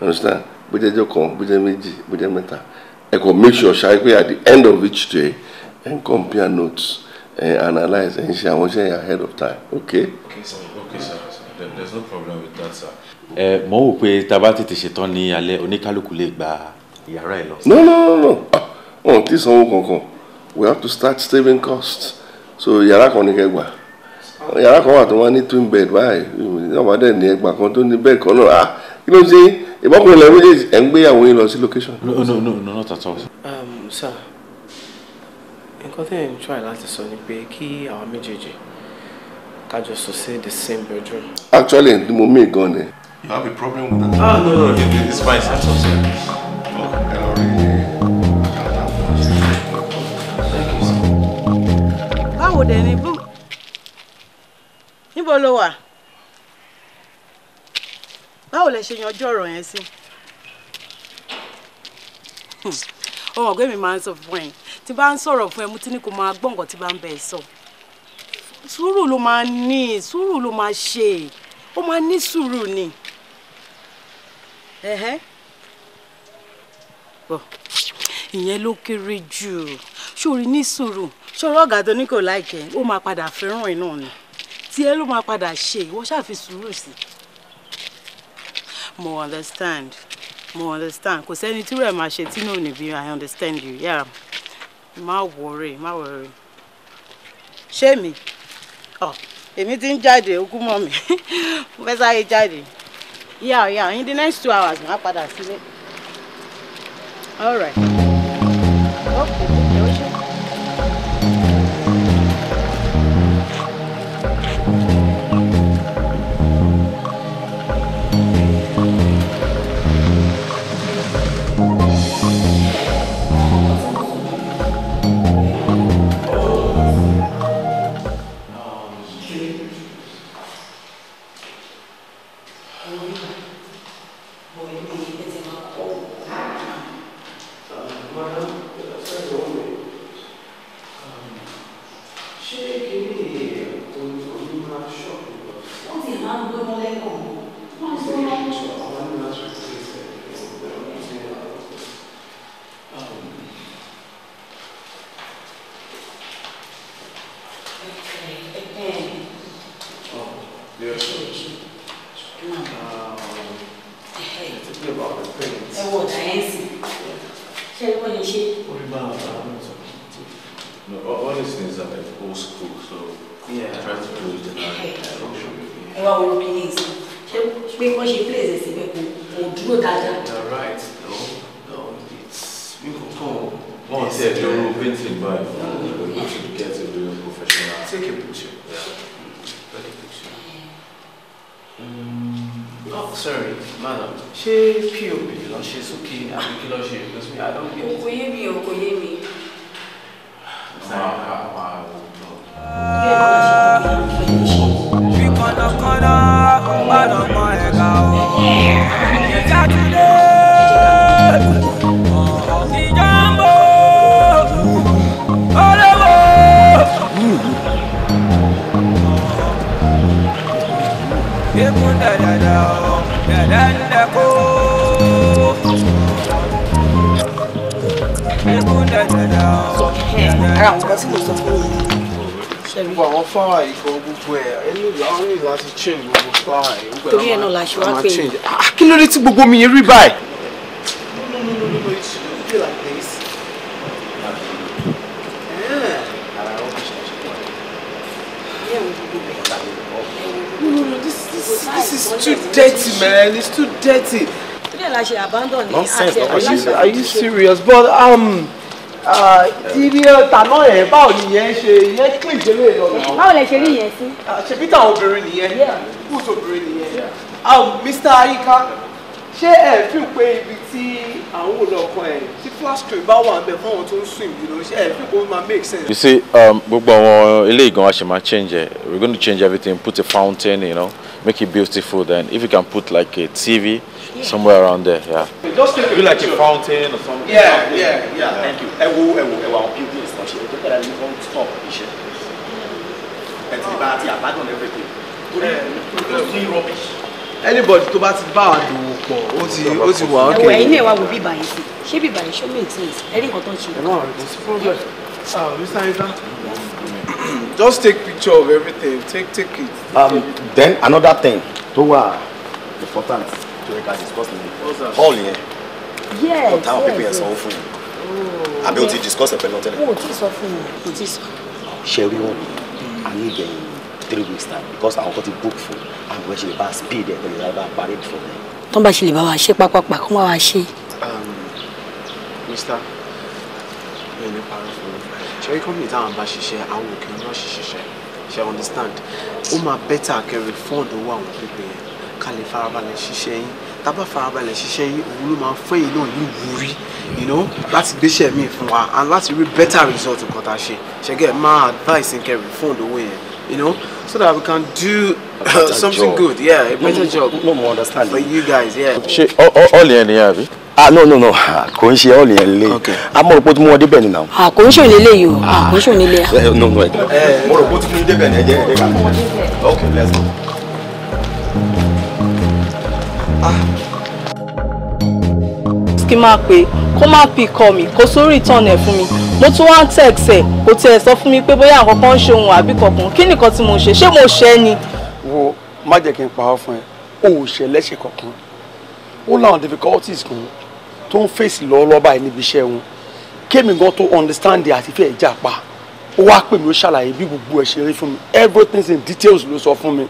understand bó jẹ́ ẹjọ́ kan bó jẹ́ méjì bó jẹ́ mẹ́ta ẹ kò make sure ṣáà pé at the end of each day ẹ ń compare notes ẹ ń analyse ẹ ń ṣe àwọn iṣẹ́ yẹn ahead of time okay. okay sir okay sir there, there's no problem with that sir. ẹ mọ̀ wò pé tá a bá tètè ṣetán ní alẹ́ oníkálukú lè gba yàrá ẹ lọ. no no no no ah, wọn ò tí sanwó kankan we have to start saving costs so yàrá kan ní kẹgbà yàrá kan wà tó wá ní twin bed báyìí ìjọba dẹ̀ ní ẹgbà kan tó ní bẹ́ẹ̀ kan náà ah kí ló ń ṣe ìbọ̀kùnrin lẹ́yìn méjèèjì ẹ̀ ń gbéyàwó yín lọ sí location. no no no no not at all. Um, sir nǹkan tẹ́ ẹ̀ try láti sọ ni pé kí àwọn méjèèjì kájọ sùn sí the same bedroom. actually mo mí gan ni. you have a problem with that. ah no no no it's fine it's fine báwo dẹ̀ ni bú níbo ló wà báwo lẹ ṣe yanjú ọ̀rọ̀ yẹn sí ọmọ hmm. ọ̀gbẹ́ mi máa ń sọ fún ẹ tí bá ń sọ̀rọ̀ fún ẹ mú tí ní kò máa gbọ́ nǹkan tí bá ń bẹ̀ sọ sùúrù ló máa ní sùúrù ló máa ṣe ó máa ní sùúrù ni pọ̀ ìyẹn ló kéré jù ṣòrí ní sùúrù ṣòro ọ̀gá tó ní kò láìkẹ́ ó máa padà fẹ́ràn ẹ̀ náà ni tiẹ̀ ló máa padà ṣe ìwọ ṣàfi sùúrù sí mo understand mo understand kò sẹ́ni tí rẹ̀ máa ṣe tí náà níbi i understand you yeah má worry má worry ṣé mi ọ èmi ti ń jáde ó kú mi mo fẹ́ sáré jáde yà yà in the next two hours má padà sílé. All right. gbogbo mi yẹn rí báyìí. no this. is too dirty man it's too dirty. nonsense are you serious but um ibi tàná ẹ̀ báwo ni yẹn ṣe yẹn pín ìdílé lọ. báwo lẹ ṣe uh, um, Mr. Aika ṣé ẹ fi pé ibi tí àwọn olùkọ́ ẹ tí plastry bá wà bẹ fún àwọn tó ń swim yìí ṣé ẹ fi pé ó máa make sense. you see um, gbogbo àwọn ilé ìgbọ̀n wa ṣe máa change ẹ we gonna change everything put a fountain you know make it beautiful then if you can put like a TV yeah. somewhere around there yeah. just take a picture like a fountain or something. yeah yeah yeah, yeah. thank you ẹ wo ẹ wo ẹ wo àwọn buildings kan ṣe ẹ jẹ́ kára ní one stop iṣẹ́ ẹ ti bá àti àbádùn everything. torí o ti rubbish anybody to bá ti bá wa dòwò pọ̀ ó ti ó ti wà ókè. ẹ̀wọ̀ ẹ̀yin náà wá wo bíbà yìí sí ṣé bíbà yìí ṣó make sense ẹ̀rí nǹkan tó ń ṣe. ẹ̀ náà kò sí problem ah Mr. Ayinla just take picture of everything take take it. Um, then another thing To wà important tó yẹ ká discuss ni hall Yeah. ọ̀tá àwọn pípẹ́ yẹn sanwó fún yẹn oh. àbí o ti discuss ẹ̀ pẹ̀lú ọ̀tẹ́lẹ̀. Oh, o ti sọ fún mi o ti sọ. ṣe rí wọn a ní ìgbẹ̀yìn three weeks time because I want to book for bó ṣe lè bá speed ẹ̀ pẹ̀lú ìyá bá parí ìfọ̀ mi. tó bá ṣe lè bá wa ṣe pápápá kó má wa ṣe. mr um, mi ní parọ́ fún mi ṣe kọ́mí táwọn bá ṣiṣẹ́ àwọn òkè náà ṣì ṣiṣẹ́ ṣe understand ó máa bẹ́tà kẹrin fọ́ọ̀dù owó àwọn pípẹ́ yẹn ká lè farabalẹ̀ ṣiṣẹ́ yín tábà farabalẹ̀ ṣiṣẹ́ yín òun ló máa ń fẹ́ yín náà ní ìwúrí láti gbéṣẹ́ mi fún wa and láti rí better result nǹkan tá a ṣe ṣẹ́gẹ́ máa advice kẹrin fọ́ọ̀dù owó yẹn so that we can do uh, something job. good. Yeah, a better job. No more understanding. For you guys, yeah. Ṣé all yẹn ni Ah no no no ah, kò ń ṣe all yẹn lé. A mọ̀ rò pé o ti mú wọn débẹ̀ nínú. À ah, kò ń ṣe onílé yìí o, à ah. kò ń ṣe onílé. Eh, no no ẹ mo rò pé o ti mú un débẹ̀ ní ẹ̀jẹ̀ ẹ̀jẹ̀ kan. Okay, let's go. Ah kí n máa pè é kó má pì kọ mi kó sórí ìtàn ẹ̀ fún mi mo tún wá ń tẹ̀sẹ̀ kò tiẹ̀ sọ fún mi pé bóyá nǹkan ń ṣe òun àbí kankan kí nìkan tí mo ṣe ṣé mo ṣẹ̀ ni. wo má jẹ́ kí n pa ọ́ fún ẹ o ò ṣe lẹ́sẹ̀ kankan ó láwọn difficulties kan tó ń fèsì lọ́wọ́lọ́wọ́ báyìí níbi iṣẹ́ wọn kémi gan tó understand àti fẹ́ẹ̀ jà pa ó wá pè mí ó ṣàlàyé bí gbogbo ẹ̀ ṣe rí fún mi everything in details ló sọ fún mi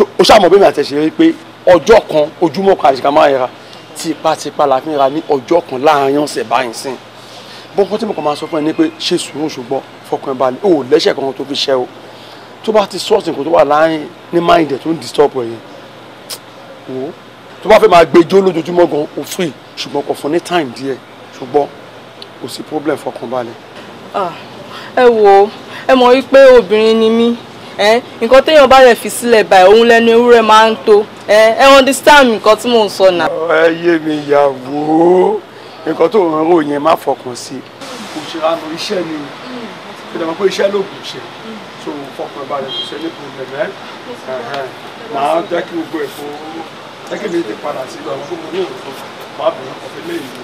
ó ṣàmọ̀ bí mi àtẹ̀ṣe rí pé ọjọ́ kan ojúmọ́ kan àṣìkà máa yẹra tipátipá la fi ń ra ni ọjọ́ kan láàárín ọ̀sẹ̀ báyìí sìn bọ́ńkọ́ tí mo kàn máa sọ fún ẹ ní pé ṣe sùúrù ṣùgbọ́n fọkàn ẹ balẹ̀ o ò lẹ́sẹ̀ kan tó fi ṣẹ́ o tó bá ti sọ́ọ̀sì nǹkan tó wà láàárín ní mind ẹ̀ tó ń disturb ẹ̀ yẹn wò ó tó bá fẹ́ máa gbé ijó lójoojúmọ́ gan o free ṣùgbọ́n kò fún ní time díẹ̀ ṣùgbọ́n kò sí problem fọkàn balẹ̀. Ah, ẹ wo ẹ mọ̀ wípé obìnrin ni mí nǹkan téèyàn bá rẹ̀ fi sílẹ̀ báyìí òun lẹ́nu ewúrẹ́ máa ń tó ẹ understand nǹkan tí mò ń sọ náà. ẹ yé mi ìyàwó nǹkan tó ń rò yẹn má fọkàn sí kò ṣe àmọ́ iṣẹ́ ni ìdàgbà pé iṣẹ́ ló kù ṣe tó fọkàn balẹ̀ kò ṣe ní pòlẹ̀mẹ́ màá jẹ́ kí gbogbo ẹ̀fọ́ jẹ́ kí mi ti padà sí ìgbà gbogbo ní òòrùn má bẹ̀rẹ̀ ọ̀fẹ́ lẹ́yìn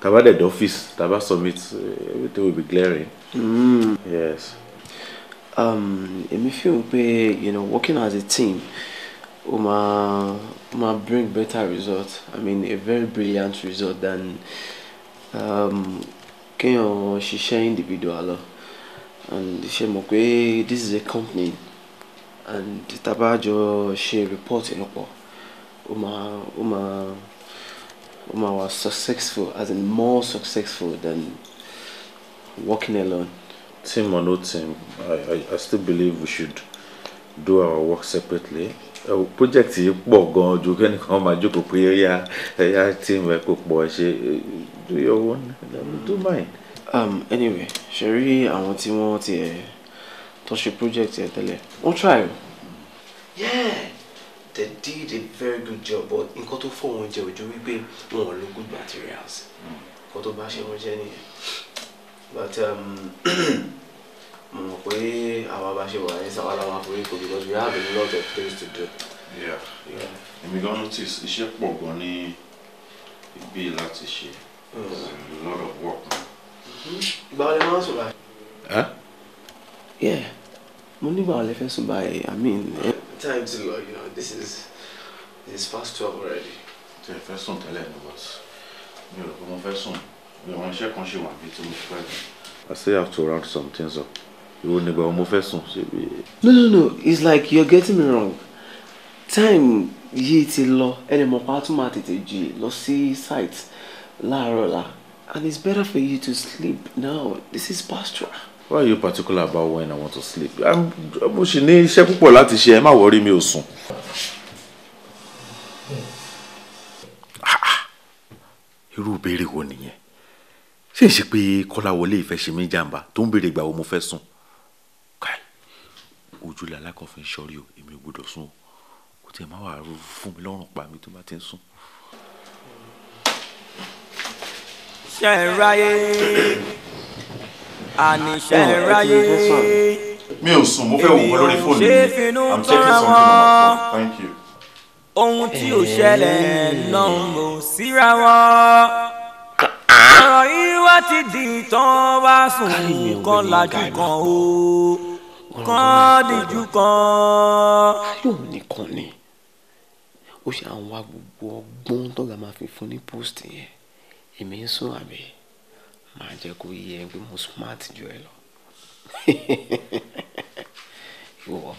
taba the office, taba summit, everything will be glaring. Mm. yes. Um, if you hàn pé you know working as a team ó máa bring better result i mean a very brilliant result than um, kéèyàn ṣiṣẹ́ individual and ṣe mọ̀ pé this is a company and taba jo she report ẹ̀ pọ̀ ó máa I was successful, as in more successful than working alone. Team or no team, I, I, I still believe we should do our work separately. project yìí pọ̀ You can come and you jókòó pé ẹ̀yà ẹ̀yà team ẹ̀ kò pọ̀ eh, do your own do mine. Um, anyway Sherry, I want to wọ́n ti ẹ̀ tó ṣe project yẹn tẹ́lẹ̀ wọ́n try yeah they did a very good job but nǹkan tó fọ wọn jẹ ojú wípé wọn ò lo good materials nǹkan tó bá ṣe wọn jẹ nìyẹn but um, mo mọ̀ pé àwa bá ṣe wà ní sàwálà wà because we have a lot of things to do. èmi gan notice iṣẹ́ pọ̀ gan ní ibi láti ṣe mm. a lot of work. Mm-hmm. ìgbà wo lè máa ń sùn báyìí. mo nígbà wo lè fẹ́ sùn báyìí i mean. Eh? time to lọ you know this is this is past twelve already. ṣe ẹ fẹ́ sùn tẹ́lẹ̀ ní but mi ò rò pé mo fẹ́ sùn mi àwọn iṣẹ́ kan ṣe wà bíi tí I still have to round some things up. You nígbà wo mo fẹ́ sùn No no no it's like you're getting me wrong. Time yìí ti lọ Any more part tún máa tètè jì lọ sí site láàárọ̀ la and it's better for you to sleep now. This is pastoral why are you particular about when I want to sleep? I'm, mo ṣì ní iṣẹ́ púpọ̀ láti ṣe ẹ má wọrí mi ò sùn. irú ìbéèrè wo nìyẹn ṣé n ṣe pé kọ́láwọlé ìfẹ́ ṣe mí jàǹbá tó ń béèrè ìgbà wo mo fẹ́ sùn káì ojúlẹ̀ alákọ̀ọ́fin ṣọ́rí o èmi ò gbọ́dọ̀ sùn o kò tiẹ̀ má wàá fún mi lọ́rùn pa mi tó bá ti ń sùn. ṣe ń ráyè àníṣe ráyé mi ò sùn mo fẹ́ wò lórí fóònù mi i'm checking something on my phone thank you. ohun tí ò ṣẹlẹ̀ náà mò síra wọn ọ̀rọ̀ yìí wá ti di tán wá sùn kan lajú kan o kan díjú kan. yóò nìkan ni ó ṣe àwọn wa gbogbo ọgbọ́n tó ga máa fi fún ní post yẹn èmi ń sún àbẹ̀ máa jẹ́ kó yé ẹ pé mo smart jù ẹ lọ ìwọ.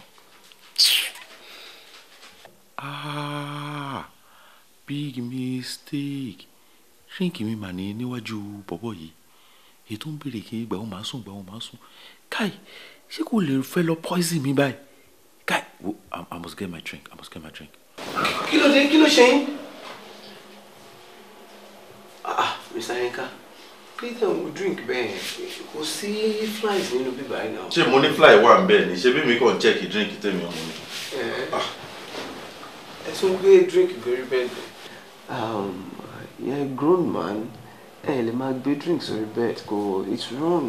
ah big mistake ṣínkì mi mà ní níwájú bọ̀bọ̀ yìí ètò ń béèrè kí gbà ó máa sùn gbà ó máa sùn káì ṣé kò lè fẹ́ lọ poison mi báyìí káì wo I must get my drink I must get my drink. kí ló dé kí ló ṣe yín. ah, ah Mr. Yinka peter will drink bẹ́ẹ̀ kò sí flies nínú bíbá yìí náà. ṣé mo ní fly wà ń bẹ́ẹ̀ ni ṣé bí mi kàn ń check drink tèmi ọmọ mi. Ah. ẹ tún gbé drink very bad. Um, yẹn grown man ẹ lè máa gbé drink sórí bed kò it's wrong.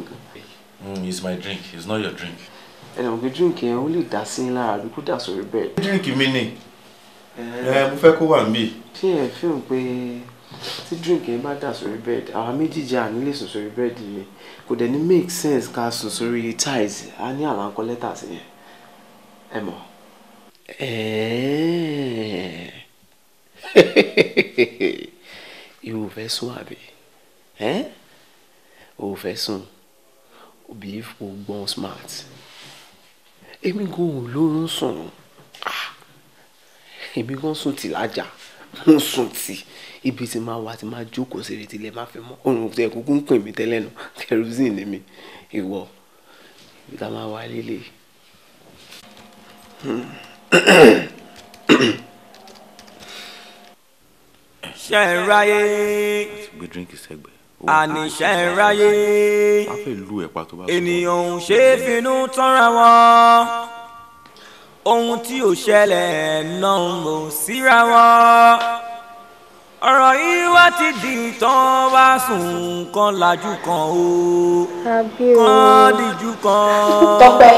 Mm, it's my drink it's not your drink. ẹ lọ́n gbé drink yẹn ó lè dá sí lára àbí kó dà sórí bed. drink mi ni mo fẹ́ kó wà níbí. ṣé ẹ fi hàn pé tí drink yẹn bá dà sórí bed àwa méjìjì à nílé sùn sórí bed yìí kò dẹ̀ ní make sense ká sùn sórí tiles a ní àlàkọ́ lẹ́tà sí yẹn ẹ mọ̀. ìwò fẹ́ sùn àbí ò fẹ́ sùn òbí fò gbọ́n smart èmi kò lóorun sùn ah! èmi kò sùn tì lájà mo sùn tì ibi tí máa wà tí máa jókòó sí retí ilẹ̀ máa fi mọ́ òun tẹ kúkú ń pè mí tẹ́lẹ̀ nù kerosene ni mi ìwọ ibi tá a máa wà lélẹ̀. ṣe ń ráyé àníṣe ń ráyé ènìyàn ṣe é finú tọ́ra wọn ohun tí ò ṣẹlẹ̀ náà ò síra wọn ọ̀rọ̀ yìí wá ti di tán wá sùn kan lajú kan o kan díjú kan. tọpẹ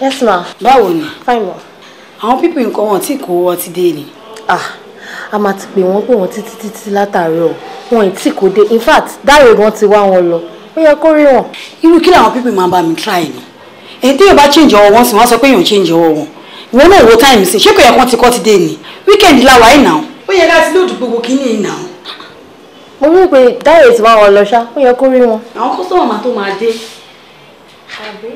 yes ma. báwo ni. fine ma. àwọn pípì nǹkan wọn tí kò wọ́n ti dé ni. ah a máa ti pè wọ́n pè wọ́n títí títí látàárọ̀ wọn ì tí kò dé in fact dáre gan ti wá wọn lọ ó yẹ kó rí wọn. irú kí làwọn pípì máa bá mi try ni èyí tí yóò bá change ọwọ́ wọn sì wọ́n sọ pé yóò change ọwọ́ wọn ìwọ náà wo time sí ṣé kò yẹ kán ti kọ́ ti dé ni weekend la wà náà ó yẹ ká ti lóòdù gbogbo kíní ìnà. mo rí i pé dáyé tí wàá wọn lọ ṣá ó yẹ kó rí wọn. àwọn kọ́sọ́mọ̀ máa tó máa dé. àbí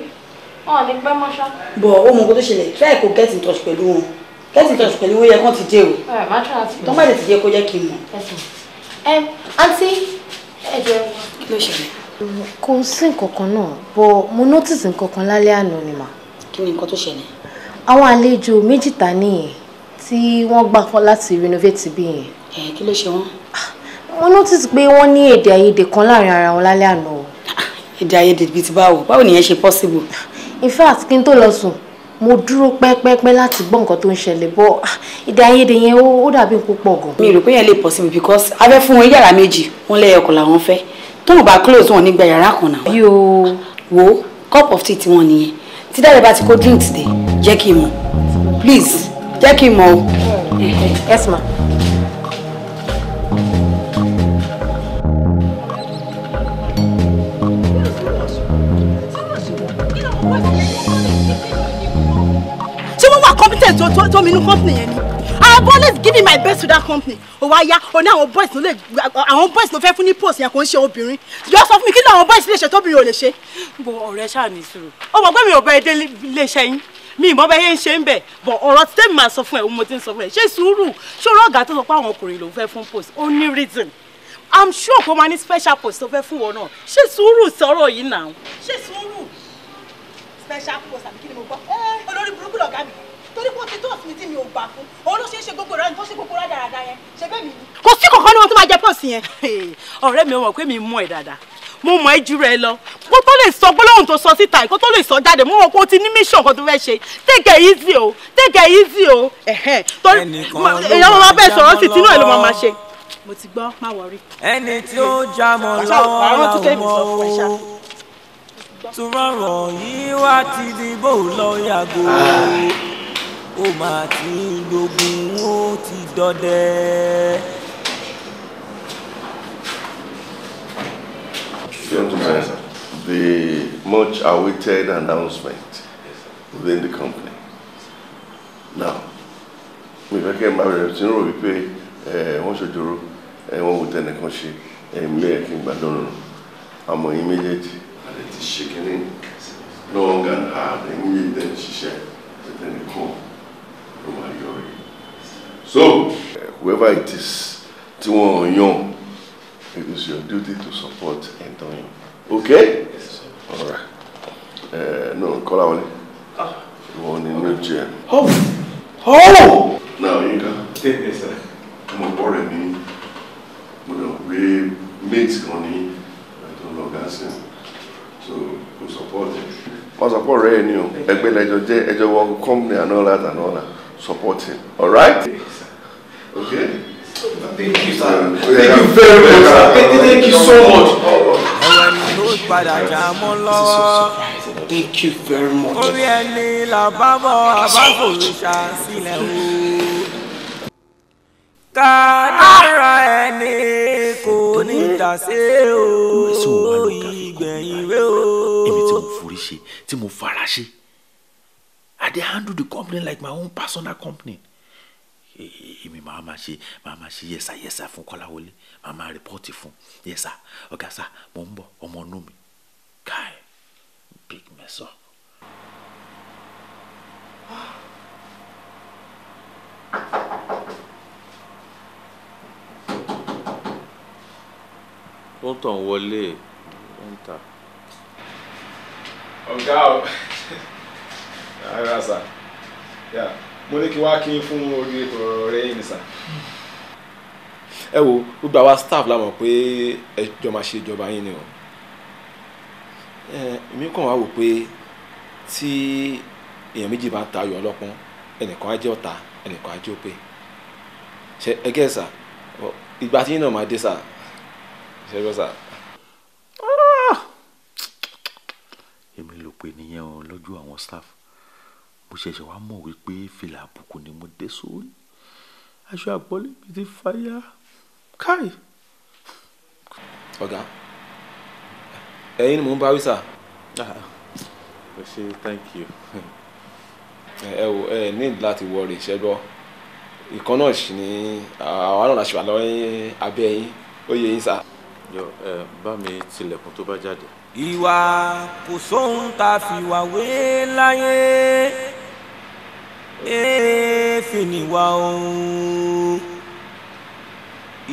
wọn ò ní pẹ́ mọ́ ṣá. bọ̀ ó mọ nǹkan tó ṣẹlẹ̀ fẹ́ẹ̀ kó get in touch pẹ̀lú wọn get in touch pẹ̀lú wọn yẹ kán ti dé o. tó má lè ti jẹ́ kó jẹ́ kí n mọ̀. ẹ àǹtí ẹ jẹ́ wọn. kí ló ṣẹlẹ̀. kò sí nǹkan kan náà bọ̀ mo notice nǹkan kan lálẹ́ àná ni mà. kí ni nǹkan tó ṣẹlẹ̀. àwọn àlejò méjì nìyẹn tí wọ́n gbà fún láti renovate bí yẹn. ẹ kí ló ṣe wọn. Ah, mo notice pé wọ́n ní èdè àìyedè kan láàrin ara wọn lálẹ́ àná o. Ah, èdè àìyedè bíi ti báwo báwo nìyẹn ṣe possible. in fact kí n tó lọ sùn mo dúró pẹ́pẹ́pẹ́ láti gbọ́ nǹkan tó ń ṣẹlẹ̀ bọ́ ah, èdè àìyedè yẹn ó dàbí púpọ̀ gan. mi rò pé yẹn lè possible because a fẹ́ fún wọn yàrá méjì wọn lẹ́yọkọ̀ làwọn fẹ́ tóun bá close wọn nígbà yàrá kan náà. yóò wo cup of tea tiwọn nìyẹn tí dáre bá ti kó drinks dé jẹ́ kí n mọ̀ please jẹ́ kí n mọ̀ o. yes ma. ṣé wọ́n wà competent tó tó mi inú company yẹn ni i have always given my best to that company ó wá yá ó ní àwọn boys ló lè àwọn boys ló fẹ́ fún ní post yẹn kò ń ṣe obìnrin jọ sọ fún mi kí ni àwọn boys lè ṣe tóbìnrin ò lè ṣe. gbogbo ọ̀rẹ́ ṣáà ní sùúrù ọmọ ọgbẹ́ mi ò bá ẹ dé iléeṣẹ́ yín mi ìmọ̀ bẹ́ẹ̀ yẹn ń ṣe ń bẹ̀ bọ̀ ọ̀rọ̀ tí tẹ́mi máa sọ fún ẹ̀ o mo ti ń sọ fún ẹ̀ ṣé sùúrù ṣé ọ̀rọ̀ ọ̀gá tó sọ pé àwọn ọkùnrin ló fẹ́ fún post ó ní reason i'm sure kó máa ní special post tó fẹ́ fún wọn náà ṣé sùúrù sọ̀rọ̀ yìí nà. ṣé sùúrù special post àbí kí ni mo gbọ́ olórí burúkú lọ̀gá mi torí pé ó ti tó ọ̀sìn mi tí mi ò gbà fún òun ló ṣe é ṣe gbogbo rẹ̀ tó ṣe gbogbo rẹ̀ dáradára yẹn ṣe bẹ́ẹ̀ mi. kò sí kọ̀ọ̀kan ní wọn tó máa jẹ pọ́ọ̀sì yẹn ọ̀rẹ́ mi ò mọ̀ pé mi mú ẹ̀ dáadáa mo mọ ẹjú rẹ lọ kó tó lè sọ gbólóhùn tó sọ síta kó tó lè sọ jáde mo rò pé o ti ní mission kan tó fẹ́ ṣe take it easy o take it easy o torí èèyàn máa bẹ̀ sọ̀rọ̀ sí tinú ẹ̀ ló máa ṣe. mo ti gbọ́ má wọrí. ẹni tí ó já mọ́ lọ́wọ́ o tún yìí wá ti di bó lọ yàgò ó máa ti gbógun ó ti dọdẹ. Gentlemen, the much awaited announcement within the company. Now, mi fẹ́ kẹ́ máa bẹ̀rẹ̀ sí ń rò wípé eh, wọ́n ṣòjòrò eh, wọ́n ò tẹ̀ nìkan ṣe ẹ̀mí eh, ẹ̀ kí n gbà lọ́rùn àmọ́ yín méjèèjì àti ti ṣe kínní lọ́ọ̀gá ààrẹ yín méjèèjì tẹ̀ ṣiṣẹ́ tẹ̀ nìkan ló máa yọrí. So, whoever it is tí wọ́n yàn. It is your duty to support Antonio. Okay? Yes, sir. All right. Uh, no, call out. Ah. You want in your chair. Oh! Oh! Now, you can. Take this, sir. Mo bọ̀rẹ̀ mi, mo We meet mate I don't know. lọ́gá sí so kò support him. Wọ́n support rẹ̀ ni o, ẹgbẹ́ lẹ́jọ jẹ́ ẹjọ́ wọ company and all that and all that support him, alright? Okay. okay. Thank you, sir. Thank you very much, sir. Thank you so much. Ọ̀rọ̀ ẹni ló padà já mọ́ lọ́wọ́. Thank you very much. Orí ẹni làbábọ̀ àbáfòrìṣà sílẹ̀ o. Kádàrá ẹni kò ní dàsé o. Ìgbẹ̀yìn rẹ̀ o. Èmi tí mo forí ṣe, tí mo fara ṣe, I dey handle the company like my own personal company èmi màá máa ṣe màá máa ṣe yẹsà yẹsà fún kọ́láwọlé màá máa rìpọ́ọ̀tì fún yẹsà ọ̀gá sà mò ń bọ̀ ọmọ inú mi káì big mess up. ó tàn wọlé ó ń tà. ọ̀gá ọ̀ ara sà. Yeah mo ní kí wá kí n fún orí ọ̀rọ̀ rẹ yìí nìsà. ẹ wo gbogbo àwa staff la mọ̀ pé ẹ jọ máa ṣe ìjọba yín ni o èmi kàn wá wò pé tí èèyàn méjì bá ń ta ayò ọlọ́pọ́n ẹnìkan á jẹ́ ọ̀tá ẹnìkan á jẹ́ òpè ṣe ẹ gẹ́ sà ìgbà tí yín náà máa dé sà ṣe bọ́ sà. Ah! èmi ló pè nìyẹn o lójú àwọn staff ṣẹ̀ṣẹ̀ wá mọ̀ wípé fìlà àbùkù ni mo dé sórí aṣọ àpọ́lé mi ti fàyà káì. ọ̀gá ẹ̀yin ni mò ń bá wí sà. Ah, ẹ ṣe thank you. ẹ wo ẹ ní láti wọrí ìṣẹ́gbọ́ ìkan náà sì ni àwa náà ṣe wà lọ abẹ́ yín ó yẹ yín sà. yọ ẹ bá mi tilẹ̀kùn tó bá jáde. ìwà kò sóhun tá a fi wà wé láyé èéfì níwà òun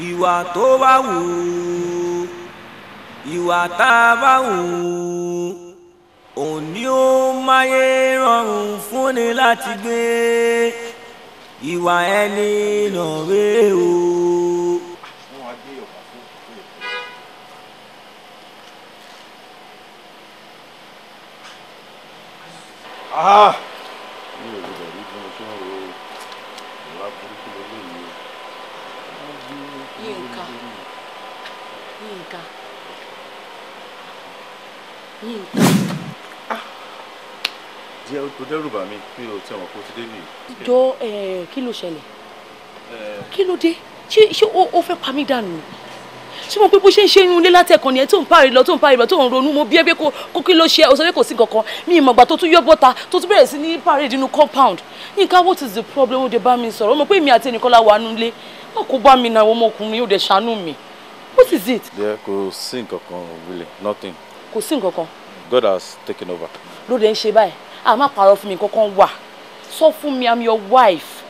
ìwà tó bá wù ú ìwà tá a bá wù ú òní ó máyé rọrùn fúnni láti gbé ìwà ẹni lọ́rẹ́ o. Ah! yìí. Ah. jẹ́ o dẹ́rù bà mí pé o tẹ̀wọ̀n kó ti débì. jọ kí ló ṣẹlẹ̀ kí ló dé ṣé o fẹ́ pa mí dànù ṣé mo pé bó ṣe ń ṣe inú ilé látẹ̀kàn nìyẹn tó ń parí lọ tó ń parí lọ tó ń ronú mo bí ẹgbẹ́ kó kí ló ṣe ọ̀sẹ̀ pé kò sí kankan mi ìmọ̀gbà tó tún yọ bọ́ta tó tún bẹ̀rẹ̀ sí ní parade inú compound Yínká what is the problem ó dé bá mi sọ̀rọ̀ mo pé èmi àti ẹnìkan la wà nulẹ̀ wọn kò bá mi na àwọn ọmọkùnrin ó dẹ̀ ṣàánú mi what is it. there kò sí nǹkan kan really nothing kò sí nǹkan kan. God has taken over. lóde ń ṣe báyìí a máa pààrọ̀ fún mi kankan wà sọ fún mi I'm your wife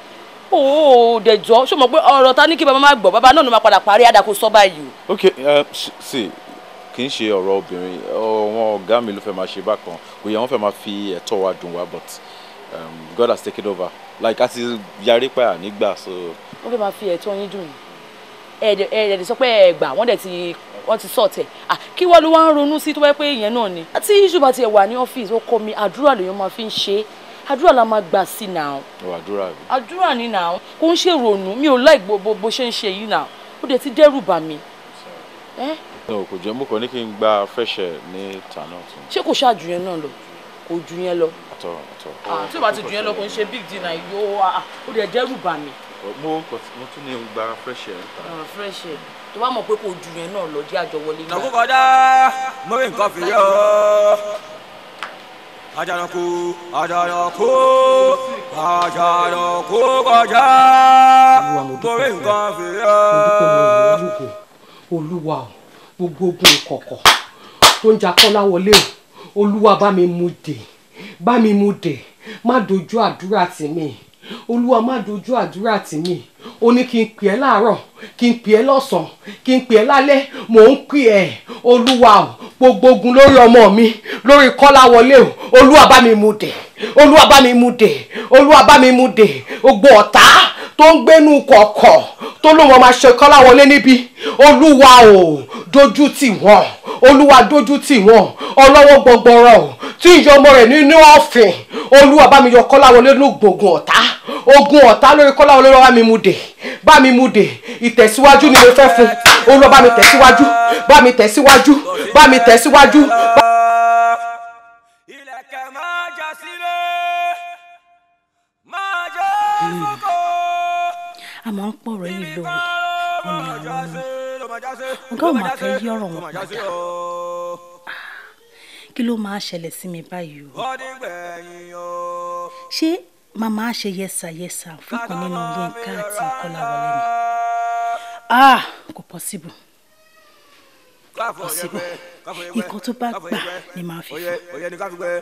ooo dẹjọ ṣé o mọ̀ pé ọ̀rọ̀ ta ní kí bàbá má gbọ́ bàbá náà ló máa padà parí àdàkọ sọ báyìí ok uh, see kì í ṣe ọ̀rọ̀ obìnrin ọ̀wọ́n ọ̀gá mi ló fẹ́ máa ṣe bákan kò yẹ wọ́n fẹ́ máa fi ẹ̀tọ́ wa dùn wá but um, God has taken over like a ti yarí pa nígbà so. wọ́n fẹ́ máa fi ẹ̀tọ́ yín dùn ẹ̀ẹ́dẹ̀ sọ pé ẹ̀ gbà wọ́n dẹ̀ ti wọ́n ti sọ̀tẹ̀ à kí wọ́n ló wá ń ronú sí tó bá pé ìyẹn náà ni. àti iṣu bá tiẹ̀ wà ní ọ́fíìsì ó kọ́ mi àdúrà lèèyàn máa fi ń ṣe àdúrà la máa gbà sí náà. ọ àdúrà mi. àdúrà ni náà kò ń ṣe mi ò láì gbogbo bó ṣe ń ṣe yìí náà ó dẹ̀ ti dẹ́rù bà mí. ẹ kò jẹ́ mú kàn ní kí n gba fẹ́ṣẹ̀ ní tànà tún. ṣé kò ṣáàjù yẹn náà lọ kò ju yẹn lọ. àtọ àtọ. àti ìbá ti ju yẹn lọ kò ń ṣe big dinner náà yóò ó dẹ̀ dẹ́rù bà mí. mo tún ní gba fẹ́ṣẹ̀. fẹ́ṣẹ̀ tó bá mọ̀ pé kò ju yẹn náà lọ jẹ́ àjọ wọlé náà. nàkúkọ dá mọ́rin nǹkan fi yọ ajanaku ajanaku ajanaku kọjá mọ́rin nǹkan fi yọ. olúwa o gbogbo ogun ìkọ̀kọ̀ tó ń jakọ́ láwọlé o olúwa bá mi mú dé bá mi mú dé má dojú àdúrà tì mí olúwa má dojú àdúrà tì mí ó ní kí n pè ẹ́ láàárọ̀ kí n pè ẹ́ lọ́sàn-án kí n pè ẹ́ lálẹ́ mò ń pè ẹ́ olúwa o gbogbo ogun lórí ọmọ mi lórí kọ́láwọlé o olúwa bá mi mú dè olúwa bá mi mú dè olúwa bá mi mú dè gbogbo ọ̀tá tó ń gbénú kọ̀ọ̀kọ̀ tó ló wọn máa ṣe kọ́láwọlé níbi olúwa ò dojú tì wọ́n olúwa dojú tì wọ́n ọlọ́wọ́ gbọgbọrọ ò tí ń yọ ọmọ rẹ̀ nínú ọ̀fìn olúwa bá mi yọ kọ́láwọlé lóògùn ọ̀tá ogun ọ̀tá lórí kọ́láwọlé lọ́wọ́ mi mú dè bá mi mú dè ìtẹ̀síwájú ni mo fẹ́ fún olúwa bá mi tẹ̀síwájú bá mi tẹ̀síwájú bá mi tẹ̀síwájú. máa ń pọ̀rọ̀ yìí lóore ọ̀nà àwọn ọ̀nà ọ̀gá ò máa fẹ́ yí ọ̀rọ̀ wọn padà kí ló máa ṣẹlẹ̀ sí mi báyìí o ṣé màmá ṣe yẹsà yẹsà fúnkan nínú Yínká àti Kọ́láwọlé mi ah kò pọ́síbù pọ́síbù nǹkan tó bá gbà ni màá fi fún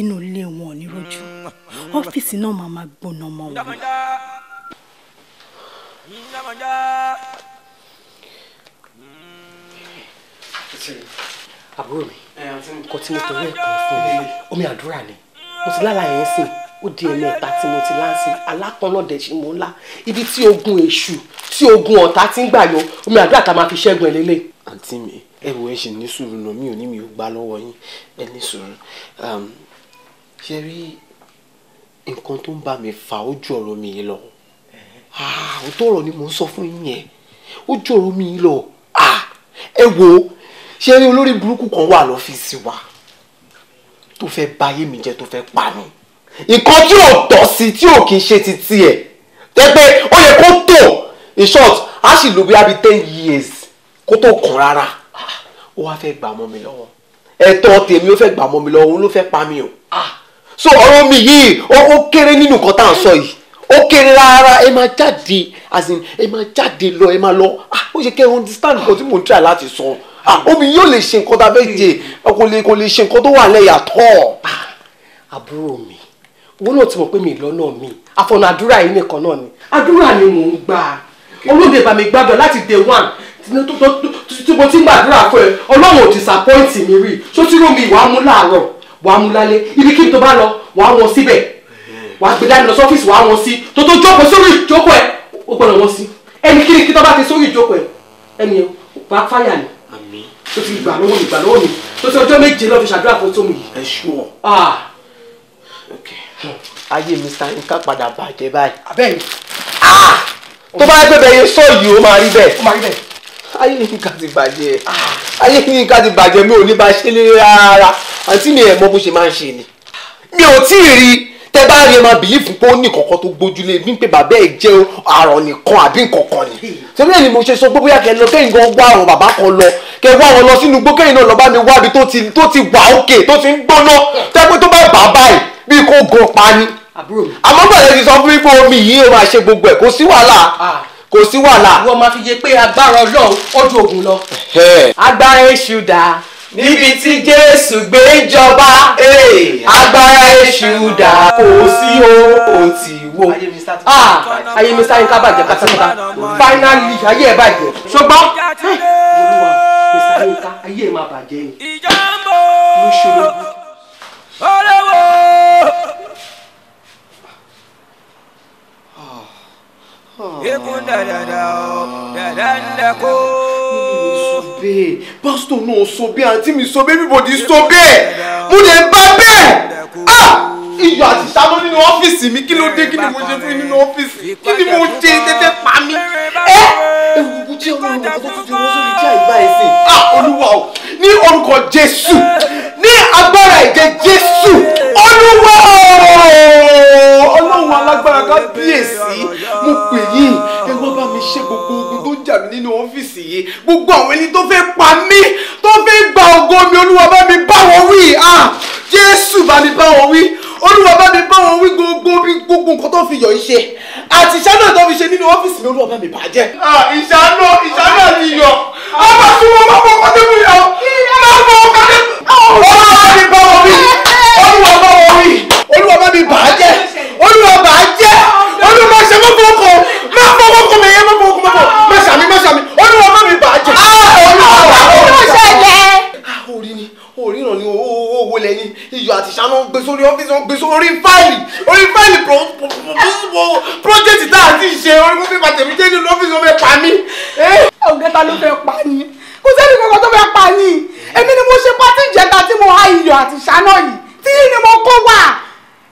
inú ilé wọn ò ní rojú mm, ọ́fíìsì náà máa gbóná mọ́ wọn àbúrò mi nǹkan tí mo tọrọ ẹ̀ kan fún mi omi àdúrà ni mo ti lálàá yẹn sìn ó di ẹ̀mẹ́ta tí mo ti láǹsìn alákànlọ́dẹ̀ ṣe mò ń lá ibi tí ogun èṣù tí ogun ọ̀tá ti ń gbàyọ omi àdúrà tá a máa fi ṣẹ́gun ẹ̀ lélẹ̀. àǹtí mi ẹ wo ẹ ṣe ní sùúrù náà mi ò ní mi ò gbà lọ́wọ́ yín ẹ ní sùúrù ṣe rí nǹkan tó ń bá mi fà ojú ọ̀rọ̀ mi yìí lọ́wọ́ Ah, òótọ́ ọ̀rọ̀ ni mò ń sọ fún yín yẹn ó jòrò mi lọ ah, ẹ wo ṣé rí olórí burúkú kan wà lọ́fíìsì wa tó fẹ́ báyé mi jẹ́ tó fẹ́ pa mi nǹkan tí ò tọ́ sí tí ò kì í ṣe ti tiẹ̀ tẹ́pẹ́ ó yẹ kó tó in short a sì lò bí abi ten years kó tó kàn rárá ah, ó wá fẹ́ gbà mọ́ mi lọ́wọ́ ẹ̀tọ́ tèmi ó fẹ́ gbà mọ́ mi lọ́wọ́ òun ló fẹ́ pa mi o so ọ̀rọ̀ mi yìí ó kéré nínú nǹkan tá à ń sọ yìí òkè rárá ẹ máa jáde as in ẹ máa jáde lọ ẹ máa lọ ah ó ṣe kẹ́ ẹ understand nǹkan tí mò ń try láti sọ ah omi yóò lè ṣe nǹkan tá a fẹ́ ṣe kò lè kò lè ṣe nǹkan tó wà lẹ́yà tọ́. Ah, àbúrò mi wọn náà ti mọ̀ pé mi lọ́nà mi àfọ̀nà àdúrà yìí nìkan náà ni àdúrà ni mò ń gbà olóde bàmí gbàdọ̀ láti day one tí mo ti ń gbàdúrà fún ẹ ọlọ́run ò disappoint mi rí sotí rómi wàá mú láàárọ̀ wàá mú lálẹ́ ibikíbi tó bá lọ wàá wọn síbẹ̀ wàá gbé dání lọ sọ́fíìsì wàá wọn sí tó tó jókòó sórí ìjókòó ẹ̀ ó gbọ́dọ̀ wọn sí ẹni kí kí tó bá ti sórí ìjókòó ẹ̀ ẹni ẹ̀ bá fáyà ni. àmín. tó ti gbà lọ́wọ́ mi gbà lọ́wọ́ mi tó ti ọjọ́ méje lọ́ fi ṣàdúrà fún tómi yìí. ẹ ṣú ọ. ayé mi sa nǹkan padà bàjẹ́ báyìí. abẹ́yìn. tó bá gbé bẹ́ẹ̀ sọ yìí ó máa rí bẹ́ẹ̀. ó máa rí bẹ́ẹ̀. ayé nǹkan ti bàjẹ́ ayé nǹkan ti bàjẹ́ mi ò ní bá ṣe lé rárá àǹtí mi ẹ̀ mọ bó ṣe máa ń ṣe ni mi ò tí rí i tẹ bá rí ẹ máa bìlífù pé ó ní kankan tó gbójúlé bí pé bàbá ẹ jẹ́ àrùn nìkan àbí nkankan ni sẹ́mi ẹ̀ ni mo ṣe sọ pé bóyá kẹ́ lọ kẹ́yìn gan wá àwọn bàbá kan lọ kẹ́ wá àwọn lọ sínú igbó kẹ́yìn náà lọ bá mi wá ibi tó ti wà òkè tó ti ń gbóná tẹ́ tó bá bàbá ẹ̀ bí kò gan pa ni àmọ́ bàbá ti sọ fún mi pé omi yìí ó máa ṣe gbogbo ẹ̀ kò sí wàhálà kò sí wàhálà. wọ́n máa fi yé pé agbára ọlọ́run ó ju ògùn níbi tí jésù gbé jọba agbára èṣù dà kò sí o kò tì í wo ayé mi sáyé ah, ká bàjẹ́ pátápátá finally ayé ẹ̀ bàjẹ́ ṣùgbọ́n olúwa mi sáyé ká ayé ẹ̀ máa bàjẹ́ yìí ló ṣòro. Ekun dadada o, dada ndako sọ bẹ́ẹ̀ pásítọ̀ náà sọ bẹ́ẹ̀ àǹtí mi sọ bẹ́ẹ̀ everybody sọ bẹ́ẹ̀ mo lè bá bẹ́ẹ̀ ah! iyọ̀ àti ìṣáná nínú ọ́fíìsì mi kí ló dé kí ni mo ṣe fún yín nínú ọ́fíìsì kí ni mo ṣe tẹ́tẹ́ pa mí ẹ́ ewu mo jẹ́ ọmọ ìwà tó ti fi wọ́n sórí jẹ́ àìgbá ẹ̀sìn ah olúwa o ní orúkọ jésù ní agbára ẹ̀jẹ̀ jésù olúwa o alágbára kábíyèsí mo pè yín ẹ wá bá mi ṣe gbogbo ogun tó ń jà mí nínú ọ́fíìsì yìí gbogbo àwọn ẹni tó fẹ́ pa mí tó fẹ́ gba ògo mi olúwa bá mi bá wọn wí jésù bá mi bá wọn wí olúwa bá mi bá wọn wí gbogbo bí gbogbo nǹkan tó fi yọ̀ ń àti iṣẹ́ náà tó fi ṣe nínú ọ́fíìsì mi olúwa bá mi bàjẹ́. ìṣá náà ìṣá náà ni yọ a máa wọn máa fọwọ́ tó fi yọ máa fọwọ́ kọ́tẹ́ olúwa bá mi bá wọn wí olúwa bá wọn wí olúwa bá mi bà á jẹ́ olúwa bà á jẹ́ olúwa má ṣe mọ́kò kò má fọwọ́ kò mẹ́yẹ mọ́kò kò mọ́kò má ṣàmì má ṣàmì olúwa bá mi bà á jẹ́. Ah, olúwa bá mi ṣẹlẹ̀. orí ni oríran ni owó lẹ́ni iyọ̀ àti ṣáná gbé sórí ọ́fíìsì wọn gbé sórí fáìlì orí fáìlì pọ́jẹ́tì tá a ti ṣe orí fún fífa tèmi jẹ́ nínú ọ́fíìsì wọn fẹ́ pa mí. Eh? ọ̀gá ta ló fẹ́ pa ni kò sẹ́ni kankan tó fẹ́ pa ni èmi ni mo ṣe pátí ìjẹta tí mo há iyọ̀ àti ṣáná yìí tí ni mo kó wà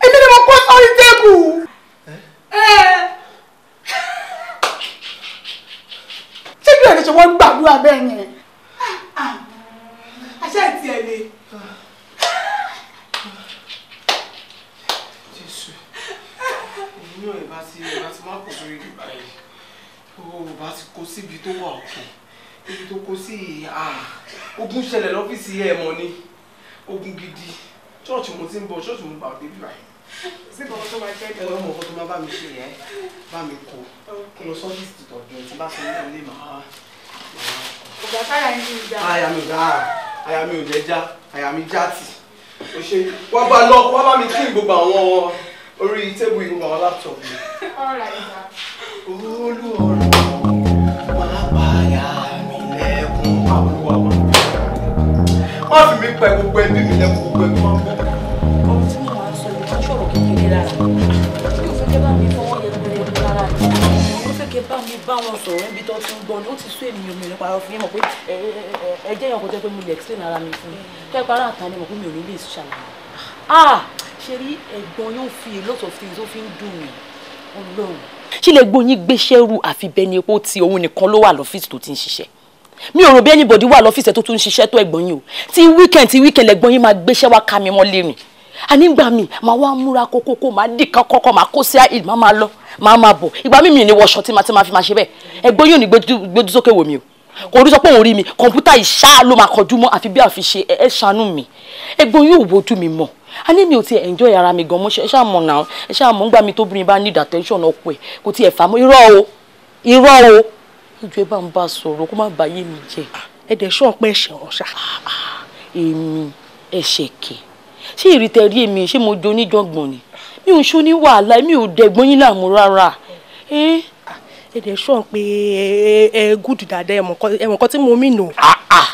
èmi ni mo kó sórí tébù. Eh. Eh. ṣé bí ẹni ṣe wọ́n gbàdúrà bẹ́ẹ̀ yẹn. àṣà ìtì ẹ̀ lè. jésù inú ẹ̀ bá ti ẹ̀ bá ti má kó sórí ibi báyìí o bá ti kó síbi tó wà òkè ibi tó kó sí ogun ṣẹlẹ̀ lọ́fíìsì ẹ̀ mọ́ ni ogun gidi ṣọ́ọ̀ṣì mo ti ń bọ̀ ṣọ́ọ̀ṣì mo gbà débi báyìí sí bọ́ọ̀ tó máa jẹ́ ìbọn. ẹlọ́mọ nǹkan tó máa bá mi ṣe yẹn bá mi kó lọ sọ́fíìsì tó tọ̀jú ẹ̀ bá fún mi lè máa. ọ̀gá táyà ń yí ìjà. àyà mi rà á àyà mi ò jẹ́ já àyà mi já tì ó ṣe wá bá lọ wá bá mi clean gbogbo àwọn orí tébù yìí gbogbo àwọn laptop ọ̀rọ̀ ìjà. olúwọ̀rọ̀ máa bá àyà mi lẹ́kùn àbúrò àwọn. má fi mi pa gbogbo ẹbí mi lẹ́kùn ah ṣe rí ẹ̀gbọ́n yóò fi of things ó fi ń dùn mí ọlọ́run. ṣé lè gbóyin gbéṣẹ́ ru àfi bẹ́ẹ̀ ni epo ti òun nìkan ló wà lọ́fíìsì tó ti ń ṣiṣẹ́ mi ò rò bí anybody wà lọ́fíìsì tó tún ń ṣiṣẹ́ tó ẹ̀gbọ́n yìí o ti weekend ti weekend lẹ̀gbọ́n yìí máa gbéṣẹ́ wá ká mi mọ́ lérìn ànígbà mi màá wá múra kókókó màá dì kan kọ́kọ́ màá kó sí àìl màá máa lọ màá máa bọ̀ ìgbà mi mi ní wọṣọ tí màá ti máa fi máa ṣe bẹ́ẹ̀ ẹgbẹ́ yóò ní gbójú sókè wò mí o kò rí sọ pé òun rí mi kọ̀ǹpútà ìṣá ló máa kọjú mọ́ àfi bí àfi ṣe ẹ ṣàánú mi ẹgbẹ́ yóò wojú mi mọ̀ a mi ò ti enjoy ara mi gan mo ṣe ṣáà mọ̀ náà ẹ ṣáà mọ̀ nígbà mi tó bí bá need attention ọkọ ẹ̀ kò tiẹ̀ fà mọ́ irọ́ o irọ́ o ìjọ ẹ bá ń bá a sọ̀rọ̀ kó má bàa yé mi jẹ. Ah, ẹ dẹ̀ ṣọ́ọ̀pẹ́ ẹ̀ṣẹ̀ ọ̀ṣà. Ah, ah, èmi ẹ̀ṣẹ̀ kìí ṣé ìrìtẹ̀ rí èmi ṣé mo jọ oníjọ̀gbọ̀n ni mi ò ṣó ní wàhálà mi ò dẹ̀gbọ́n yín láàmú rárá. ẹ dẹ̀ sọ pé ẹ gúdù dáadáa ẹ̀wọ̀n kan tí mo mì nù. Ah, ah.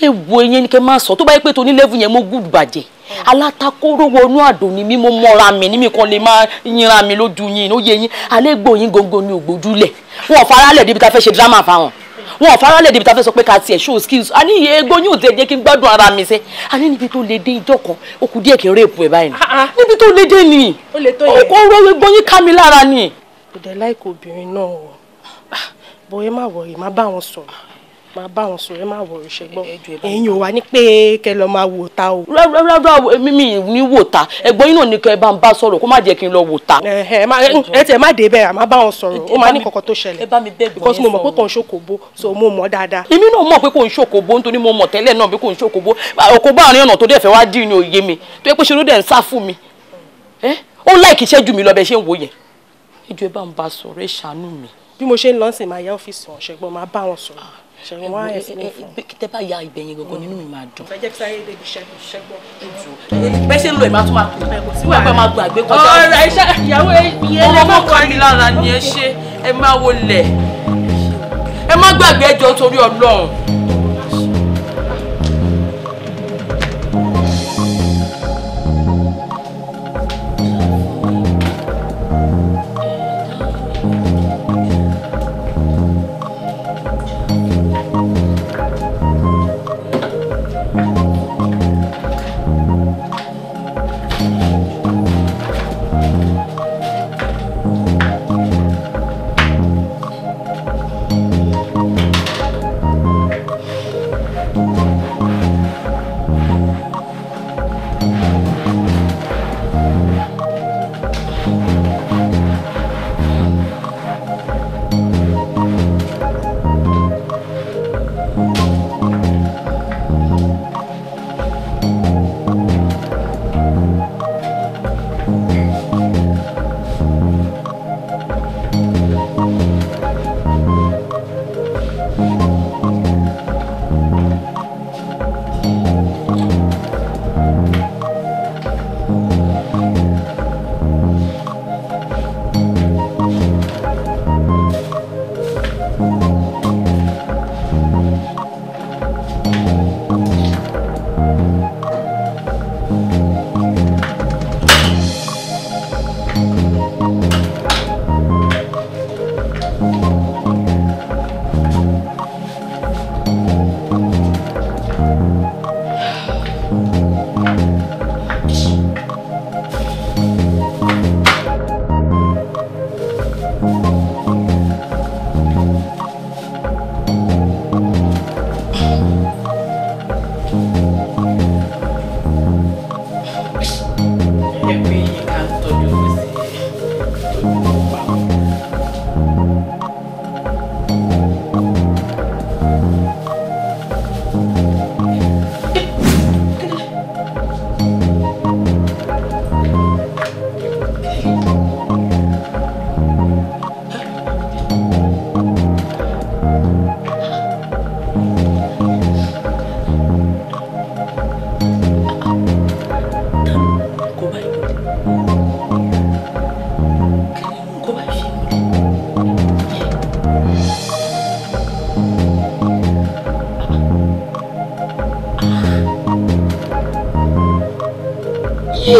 ẹ wo eyín ni kẹ máa sọ tó bá yẹ pé tó ní level yẹn mo gúdù bàjẹ́ alátakóró wọnú àdó ni mímú mọ́ra mi ní mi kan lè máa yinra mi lójú yín ó yẹ yín alẹ́ gbòyìn gbòǹgbò ni ògbójúlẹ̀ wọn ò faralẹ̀ débi tá a fẹ́ ṣe drama fáwọn wọn ò fara lè débi tá a fẹ́ sọ pé ká tiẹ̀ show skills a ní iye egbò yóò dé jẹ́ kí n gbádùn ara mi sẹ́ a ní níbi tó lè dé ijọ́ kan ó kù díẹ̀ kí n réèpù ẹ̀ báyìí ni ah, ah. níbi tó lè dé ni òkò rọ egbò yín ká mi lára ni. kò dẹ̀ láìkó obìnrin náà wọ̀ ah, bọ̀ ẹ má wọ̀ ẹ má bá wọn sọ̀rọ̀ máa bá wọn sọ̀rọ̀ ẹ má wọ̀rọ̀ ṣẹ́gbọ́n ẹ̀yin ò wá ní pé kẹ́ lọ máa wò ta o. rárá mímì ní wò ta ẹ̀gbọ́n yín náà ní kẹ́ ẹ bá ń bá sọ̀rọ̀ kó má jẹ́ kí n lọ wò ta. ẹ tẹ má dé bẹ́ẹ̀ àmọ́ bá wọn sọ̀rọ̀ ó máa ní kọ̀kọ́ tó ṣẹlẹ̀ because mo mọ̀ pé kò ń ṣòkòbó so mo mọ̀ dáadáa. èmi náà mọ̀ pé kò ń ṣòkòbó nítorí mo mọ̀ tẹ́lẹ̀ náà bí kò ń ṣòkòbó òkòbó àárín ọ̀nà tó dẹ̀ fẹ́ wá dì ní òye mi tó yẹ pé ṣe ló dẹ̀ ń sá fún mi ó láìkí ṣẹ́jú mi lọ bẹ́ẹ̀ ṣe ń wò yẹn ìjọba ń bá sọ̀rọ̀ ẹ̀ ṣàánú mi. bí mo ṣe ń lọ sí máa yá ọ́fíìsì wọn ṣẹ́gbọ́n máa bá wọn sọ̀rọ̀ tẹ bá ya ibẹ̀ yẹn gangan nínú mi máa dùn. ẹ jẹ́ kí sáré débi ṣẹ́gun ṣẹ́gun ètò. bẹ́ẹ̀ ṣe ń lo ìmọ̀ tó máa kú kò sí ọ̀rọ̀ iṣẹ́ ìyàwó ìyẹn lè mọ̀ kọ́ mi lára ni ẹ ṣe ẹ máa wọlé ẹ má gbàgbé ẹjọ́ torí Ọlọ́run.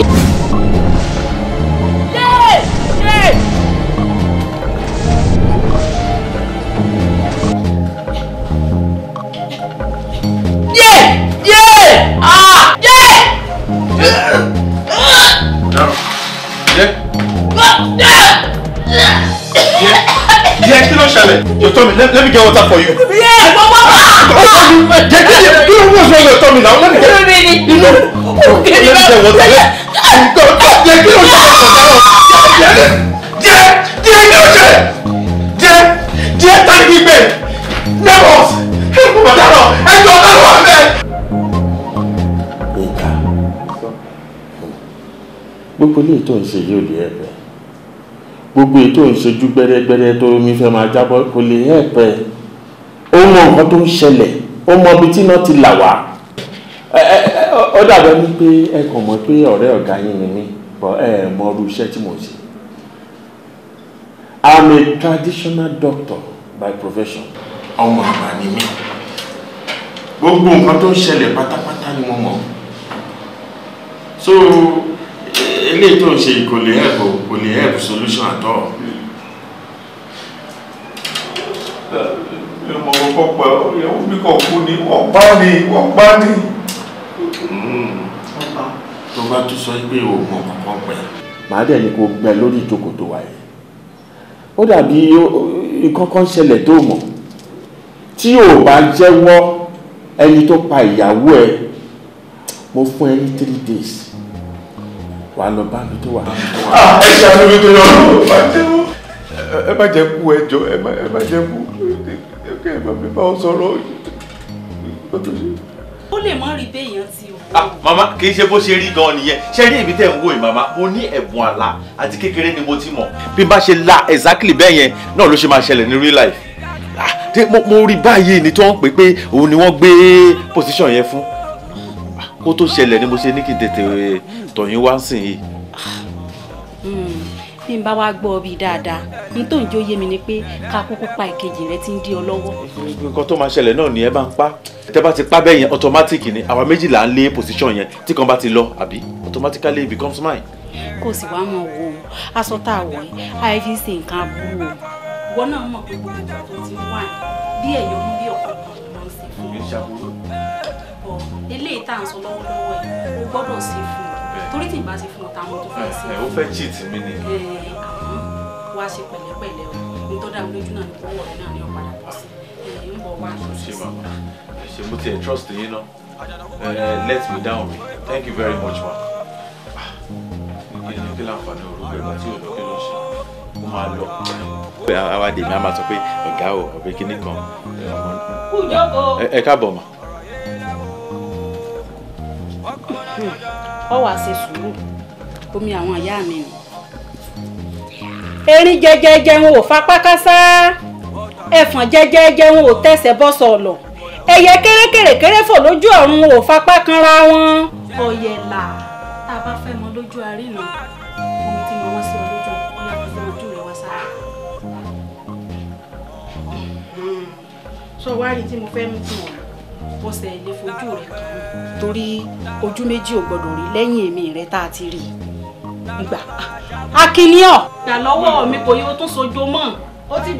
shit. ti jẹ wọ́n tẹ́lẹ̀ nǹkan jẹ kí ló ṣe jẹ jẹ jẹ kí ló ṣe jẹ jẹ tani kí gbẹ nervous ẹkú mọ̀tàrọ̀ ẹjọ́ ọ̀tàrọ̀ ọ̀fẹ́. ìgbà gbogbo ilé tó ń ṣe yóò lè ẹ̀bẹ̀ gbogbo ètò ìṣojú gbẹ́rẹ́gbẹ́rẹ́ tó omi fẹ́ máa jábọ́ kò lè ẹ̀pẹ́ ó mọ nǹkan tó ń ṣẹlẹ̀ ó mọ ibi tí iná ti là wá ó dàbẹ̀ ní pé ẹ kàn mọ̀ pé ọ̀rẹ́ ọ̀gá yín ni mí bọ́ ẹ mọ irú iṣẹ́ tí mo ṣe i'm a traditional doctor by profession ọmọ àgbà ni mí gbogbo nǹkan tó ń ṣẹlẹ̀ pátápátá ni mo mọ̀ so eléyìí tó ń ṣe kò lè help kò lè help solution at all. ọmọ kọ̀ọ̀kan pẹ̀lú ìyàwó mi kọ̀ kú ni wọ́n pa ni wọ́n pa ni tó bá tún sọ pé oògùn kankan pẹ̀. màá dẹ̀ ni kò gbẹ lórí ìjókòó tó wà yẹn ó dàbí nǹkan ṣẹlẹ̀ tó mọ̀ tí ò bá jẹ́wọ́ ẹni tó pa ìyàwó ẹ mo fún ẹ ní three days wàá lọ bá mi tó wà. ẹ ṣe àtúntò tó lọ ẹ má jẹ́ kú ẹ jọ ẹ má jẹ́ kú ẹ má mi bá ọ sọ̀rọ̀ ó lè má rí béèyàn ti Ah, mama kì í ṣe bó ṣe rí gan nìyẹn ṣe rí èmi tẹ̀ ń wò yìí mama mo ní ẹ̀bùn àlá àti kékeré ni mo ti mọ̀ bí n bá ṣe la exactly bẹ́ẹ̀ yẹn náà ló ṣe máa ṣẹlẹ̀ ní real life ah, mo rí báyìí ní tí wọ́n pè pé òun ni wọ́n gbé position yẹn fún ah, kó tó ṣẹlẹ̀ ni mo ṣe ní kí n tètè tọ̀yìn wá sí yìí bí n bá wá gbọ́ bí dáadáa n tó ń jó yé mi ni pé ká kúkú pa ìkejì rẹ ti ń dí ọ lọ́wọ́. nǹkan tó máa ṣẹlẹ̀ náà ni ẹ bá ń pa tẹ bá ti pa bẹ́ẹ̀ yẹn automatic ni àwa méjì là ń lé position yẹn tí kan bá ti lọ àbí automatically it becomes mine. kò sì wá mọ wo aṣọ tá a wọ̀ ẹ́ àyè fi ń ṣe nǹkan aburú o ìwọ náà mọ̀ pé gbogbo ìjà tó ti wà bí ẹ̀yọ́ mú bí ọ̀pọ̀ lọ sí fún ọ eléyìí tá à ń sọ lọ́wọ́lọ́wọ́ yìí ó gbọ́dọ̀ sí fún ọ torí tí n bá ti fún ọ̀tá mo tó fẹ́ sí. ẹ o fẹ́ cheat mi ni. ẹ àwọn wá ṣe pẹ̀lẹ́pẹ̀lẹ́ o ní tó dáa lójú náà ní kó wọlé náà ní ọ̀padà bọ̀ sí ẹ ń bọ̀ wá. ṣé màmá ṣe mo tiẹ̀ trust yín náà ẹ let me down mi thank you very much ma. Ah, kí ni kí láǹfààní orúkọ ìgbà tí òdò kí ló ṣe mo máa lọ. àwa dèmi a máa sọ pé ọ̀gá o ọ̀bẹ kínní kan. ẹ káàbọ̀ mà ọ wàá ṣe sùúrù omi àwọn ìyá mi nù. erin jẹjẹjẹ wọn ò fapá kásá ẹfọn jẹjẹjẹ wọn ò tẹsẹ̀ bọ sọlọ ẹyẹ kérékèrèkéré fò lójú ọ̀run wọn ò fapá kanra wọn. ọ̀yẹ̀là tá a bá fẹ́ mọ lójú àrínà omi tí mo wọ́n sí ọ lójú ọ̀yà fún ojú rẹ̀ wá sára. Hmm. sọ wá rí tí mo fẹ́ mú tí mo bọ́sẹ̀ ilé fojú rẹ̀ kan. torí ojú méjì ò gbọdọ̀ rí lẹ́yìn èmi rẹ̀ tá ti rí gbà akínyàn ah, gbà lọ́wọ́ mi kò yóò tún sojú mọ́ ó ti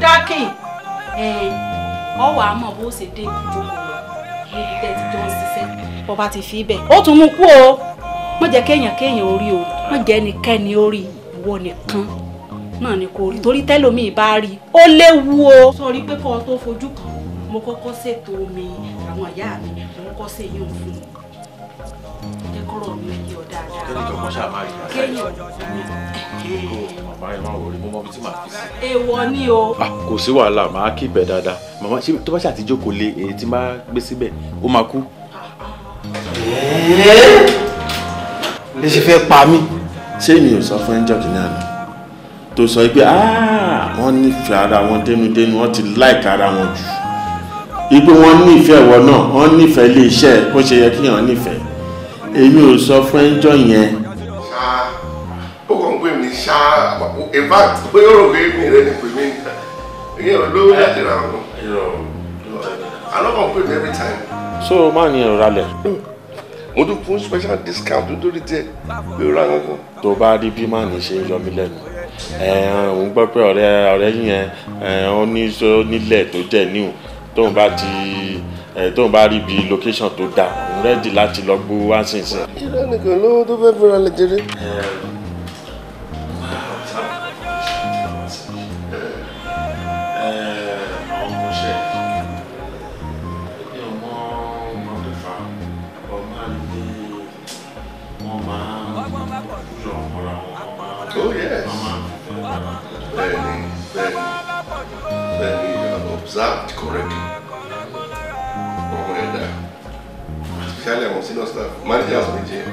wà á mọ̀ bó ṣe dé ìjọ níbi tẹ́ ti jọ ń ṣiṣẹ́ ti fi bẹ́ẹ̀ ó tún mú kú o jẹ́ kéèyàn o jẹ́ ẹnikẹ́ni o sọ rí pé kọ́ ọ tó mo kọ́kọ́ ṣètò omi àwọn ìyá mi mo kọ́kọ́ ṣe yín fún jẹ́ kọ́rọ̀ mi yọ dáadáa. kẹ́ni jọ̀mọ́ ṣáà máa yọ kéèyàn kó màmá ẹ máa wọlé mo ni o. Ah, kò sí wàhálà màá kí ibẹ̀ dáadáa màmá ṣé tó bá ṣe àtijọ́ kò le èyí tí máa gbé síbẹ̀ ó máa kú. lè ṣe fẹ́ pa mí. ṣé mi ò sọ fún ẹnjọ́ kìnìún àná tó sọ pé ah, wọ́n nífẹ̀ẹ́ ara wọn dénúdénú wọ́n ti láìka ara wọn jù ipe wọn nífẹ̀ẹ́ ìwọ náà wọn nífẹ̀ẹ́ ilé iṣẹ́ bó ṣe yẹ kíyàn nífẹ̀ẹ́ èmi ò sọ fún ẹjọ́ yẹn. ṣáá ó kàn ń pè mí ṣáá in fact pé ó rò pé mi rẹ ní pè mí ìyẹn ò láti ra àwọn alọ́kàn pè mí every time. so máa ní ìrora lẹ̀. mo tún fún special discount nítorí tẹ pé ó ra àwọn kan. tó bá rí bí máa ní ṣe yọ mí lẹ́nu òun gbọ́ pé ọ̀rẹ́ ọ̀rẹ́ yìí yẹn ó ní nílẹ̀ tó jẹ́ níhùn tóun bá ti tóun bá rí ibi location tó dáa òun rẹ́dì láti lọ gbó wá sínsìn. kí ló ní kò lówó tó fẹ́ fura lè jẹrẹ. managers méje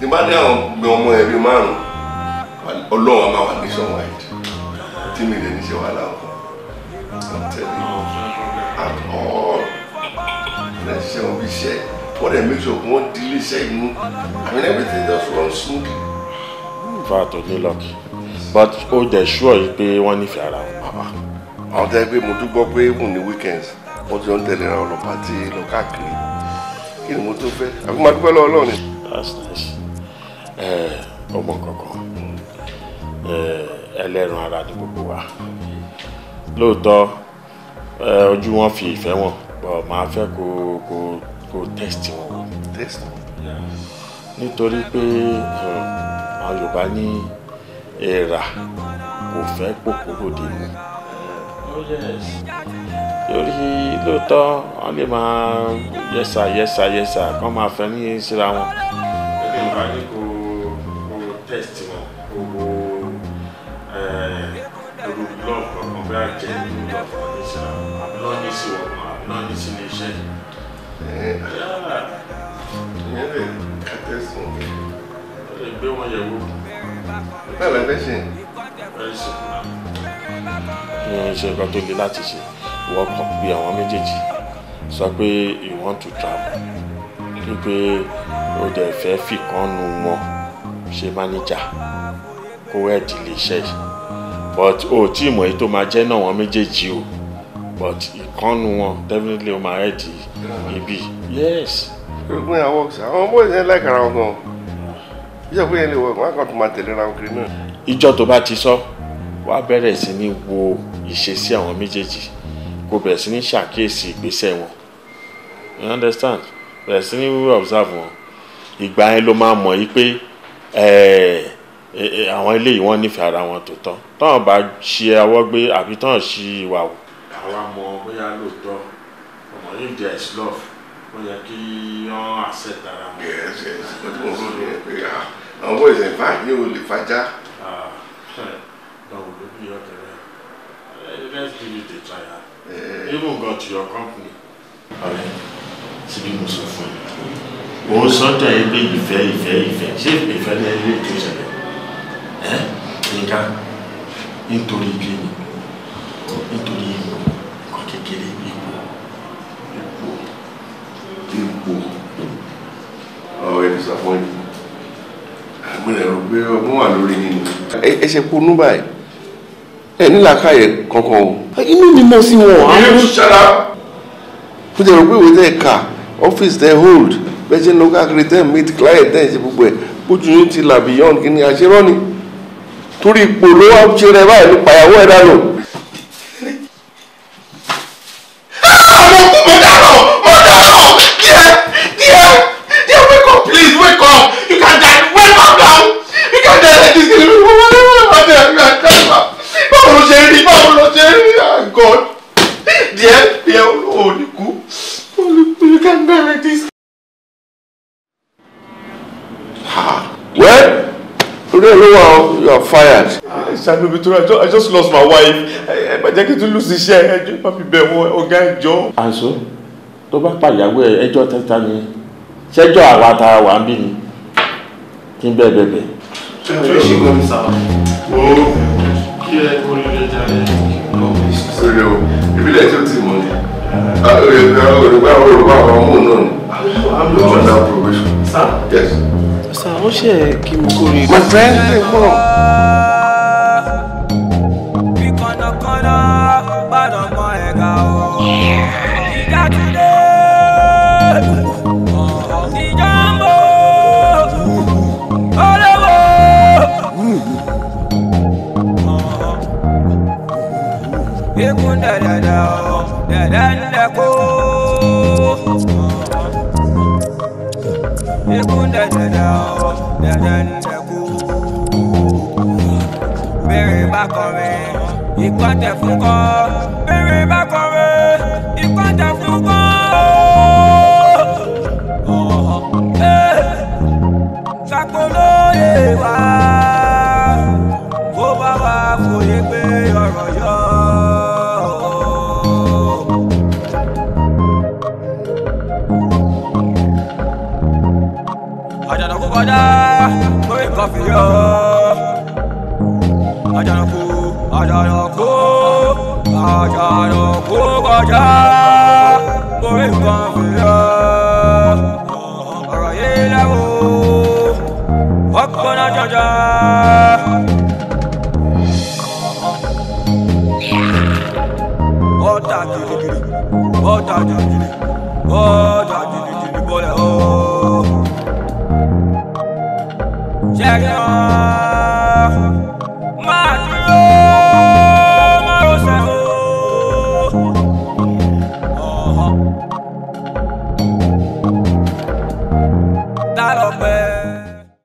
tí bá dé àwọn gbé ọmọ every man, ọlọ́run a máa wà nationwide tí mi lè ní ṣe wàhálà o i'm telling you at all ilé iṣẹ́ wọn bí iṣẹ́ wọ́n dẹ̀ make sure wọ́n di i mean everything just run smooth. fat o ní lucky but oh, they sure yìí pé wọ́n nífẹ̀ẹ́ ara wọn. àwọn tẹ́lẹ̀ you, mo tún go pay on the weekends wọ́n don't tell tẹ̀lé ra ọlọ́pàá tí lọ káàkiri kí mo tó fẹ́ àbí máa dúpẹ́ lọ́wọ́ Ọlọ́run ni. that's nice ọmọ kankan ẹlẹ́ran ara ni gbogbo wa lóòótọ́ ojú wọn fi ìfẹ́ wọn bọ̀ máa fẹ́ kó kó kó test wọn wò. test nítorí pé àwọn Yorùbá ní èèrà kò fẹ́ pòkòrò dé mú lórí lóòótọ́ wọ́n lè máa yẹ̀sà yẹ̀sà yẹ̀sà kọ́ máa fẹ́ ní síra wọn. ẹni máa ní kó kó test wọn kó kó ẹrù blọọk ọkàn bí àjẹ ìlú blọọk ọkàn síra wọn àbí lọ́ọ́ ní sí wọn àbí lọ́ọ́ ní sí iléeṣẹ́. ìyẹn lè ká test wọn. ó lè gbé wọn yẹ̀wò. bẹ́ẹ̀ lẹ́fẹ̀ẹ́ ṣe. ẹ ṣe nǹkan tó le láti ṣe wọ́n kàn pé àwọn méjèèjì sọ pé you want to travel ní pé o dẹ̀ fẹ́ fìkan nu wọn ṣe mánéjà kó ẹ̀dì lè ṣe but o tí ìmọ̀ èyí tó máa jẹ́ náà wọn méjèèjì o but ìkànnù wọn definitely o máa ẹ̀dì ibi yes. gbogbo yẹn works àwọn ọmọ yẹn láì kàrà wọn gan ìjọ pé yẹn lè wọ ẹ̀kọ́ àkàtúntò máa tẹ̀lé ra òkè náà. ìjọ tó bá ti sọ wàá bẹ̀rẹ̀ sí ní wo ìṣesí àwọn méjèèjì kó bẹ̀rẹ̀ sí ní ṣàkíyèsí ìgbésẹ̀ wọn you understand bẹ̀rẹ̀ sí ní observe wọn ìgbà yẹn ló máa mọ̀ yí pé eh, eh, àwọn ilé yìí wọ́n nífẹ̀ẹ́ ara wọn tó tán tọ́wọ́n bá ṣe ọwọ́ gbé àbí tọ́wọ́n ṣe ìwà wò. àwa mọ bóyá lóòótọ́ ọmọ yìí jẹ́ slough ó yẹ kí wọ́n accept ara wọn. Ah, àwọn bóyá ìsìn fáàkì ni o lè fajá. lọ́wọ́ ló bí ọ̀tẹ̀ rẹ̀ let's give it a try uh, even go to your company. Ọ̀rẹ́ tí bí mo sọ fún ẹ, òun sọ́tọ̀ ẹ pé ìfẹ́ ìfẹ́ ìfẹ́ ṣé ìfẹ́ ní ẹni tó ṣẹlẹ̀? Ẹ́ nígbà nítorí bí ni nítorí ipò nǹkan kékeré ipò ipò ipò ọ̀rẹ́ disappoint àgbẹ̀rẹ̀ rò pé ọmọ wà lórí nínú. Ẹ ṣe kú nú báyìí, ẹ nílàákàyè kankan o inú mi mọ̀ sí wọn. you shut up. mo jẹ́ òpin ìwé tẹ̀ ká ọ́fíìsì tẹ̀ hold bẹ́ẹ̀ ṣe ń lọ káàkiri tẹ̀ meet client tẹ̀ ṣe gbogbo ẹ̀ bójú yín ti là beyond kí ni àṣírọ́ ni torí ipò ló wá ṣe rẹ báyìí ló pàyàwó ẹ̀ dànù. báwo ló ṣe rí báwo ló ṣe rí. God. Dear, dear, Holy Ghost. Holy Ghost, you can't die like this. Well, today you are, you are fired. Ah, I just lost my wife. Ẹ jẹ́ kí lose iṣẹ́ ẹjọ́ bá fi bẹ̀ wọ́n ọ̀gá ẹjọ́. Àṣọ tó bá pàyàwó ẹjọ́ tẹ́ta ni ṣẹ́jọ́ àwa ta wà ń bí ni kí n bẹ́ẹ̀ bẹ́ẹ̀ bẹ́ẹ̀. Ṣé o ṣe kọ́ mi sábà? yeah! kí ẹ kó sórí o ìbílẹ̀ tí ó ti mọ̀ ni olùgbà olùgbà àwọn ọmọ náà ni ọmọ náà probation. sir yes. sir ó ṣe kí n kórè. my friend dey come. jẹnujẹku bèrè bá kọrin ìkọ́tẹ̀ fún kọ́ bèrè bá kọrin ìkọ́tẹ̀ fún kọ́. Sakolo ye wa. yọ. Àjànàkú àjànàkú àjànàkú kọjá mo rí nǹkan fìyà. ọ̀rọ̀ yìí lẹ́wọ̀ ọ̀pọ̀ náà jọjà.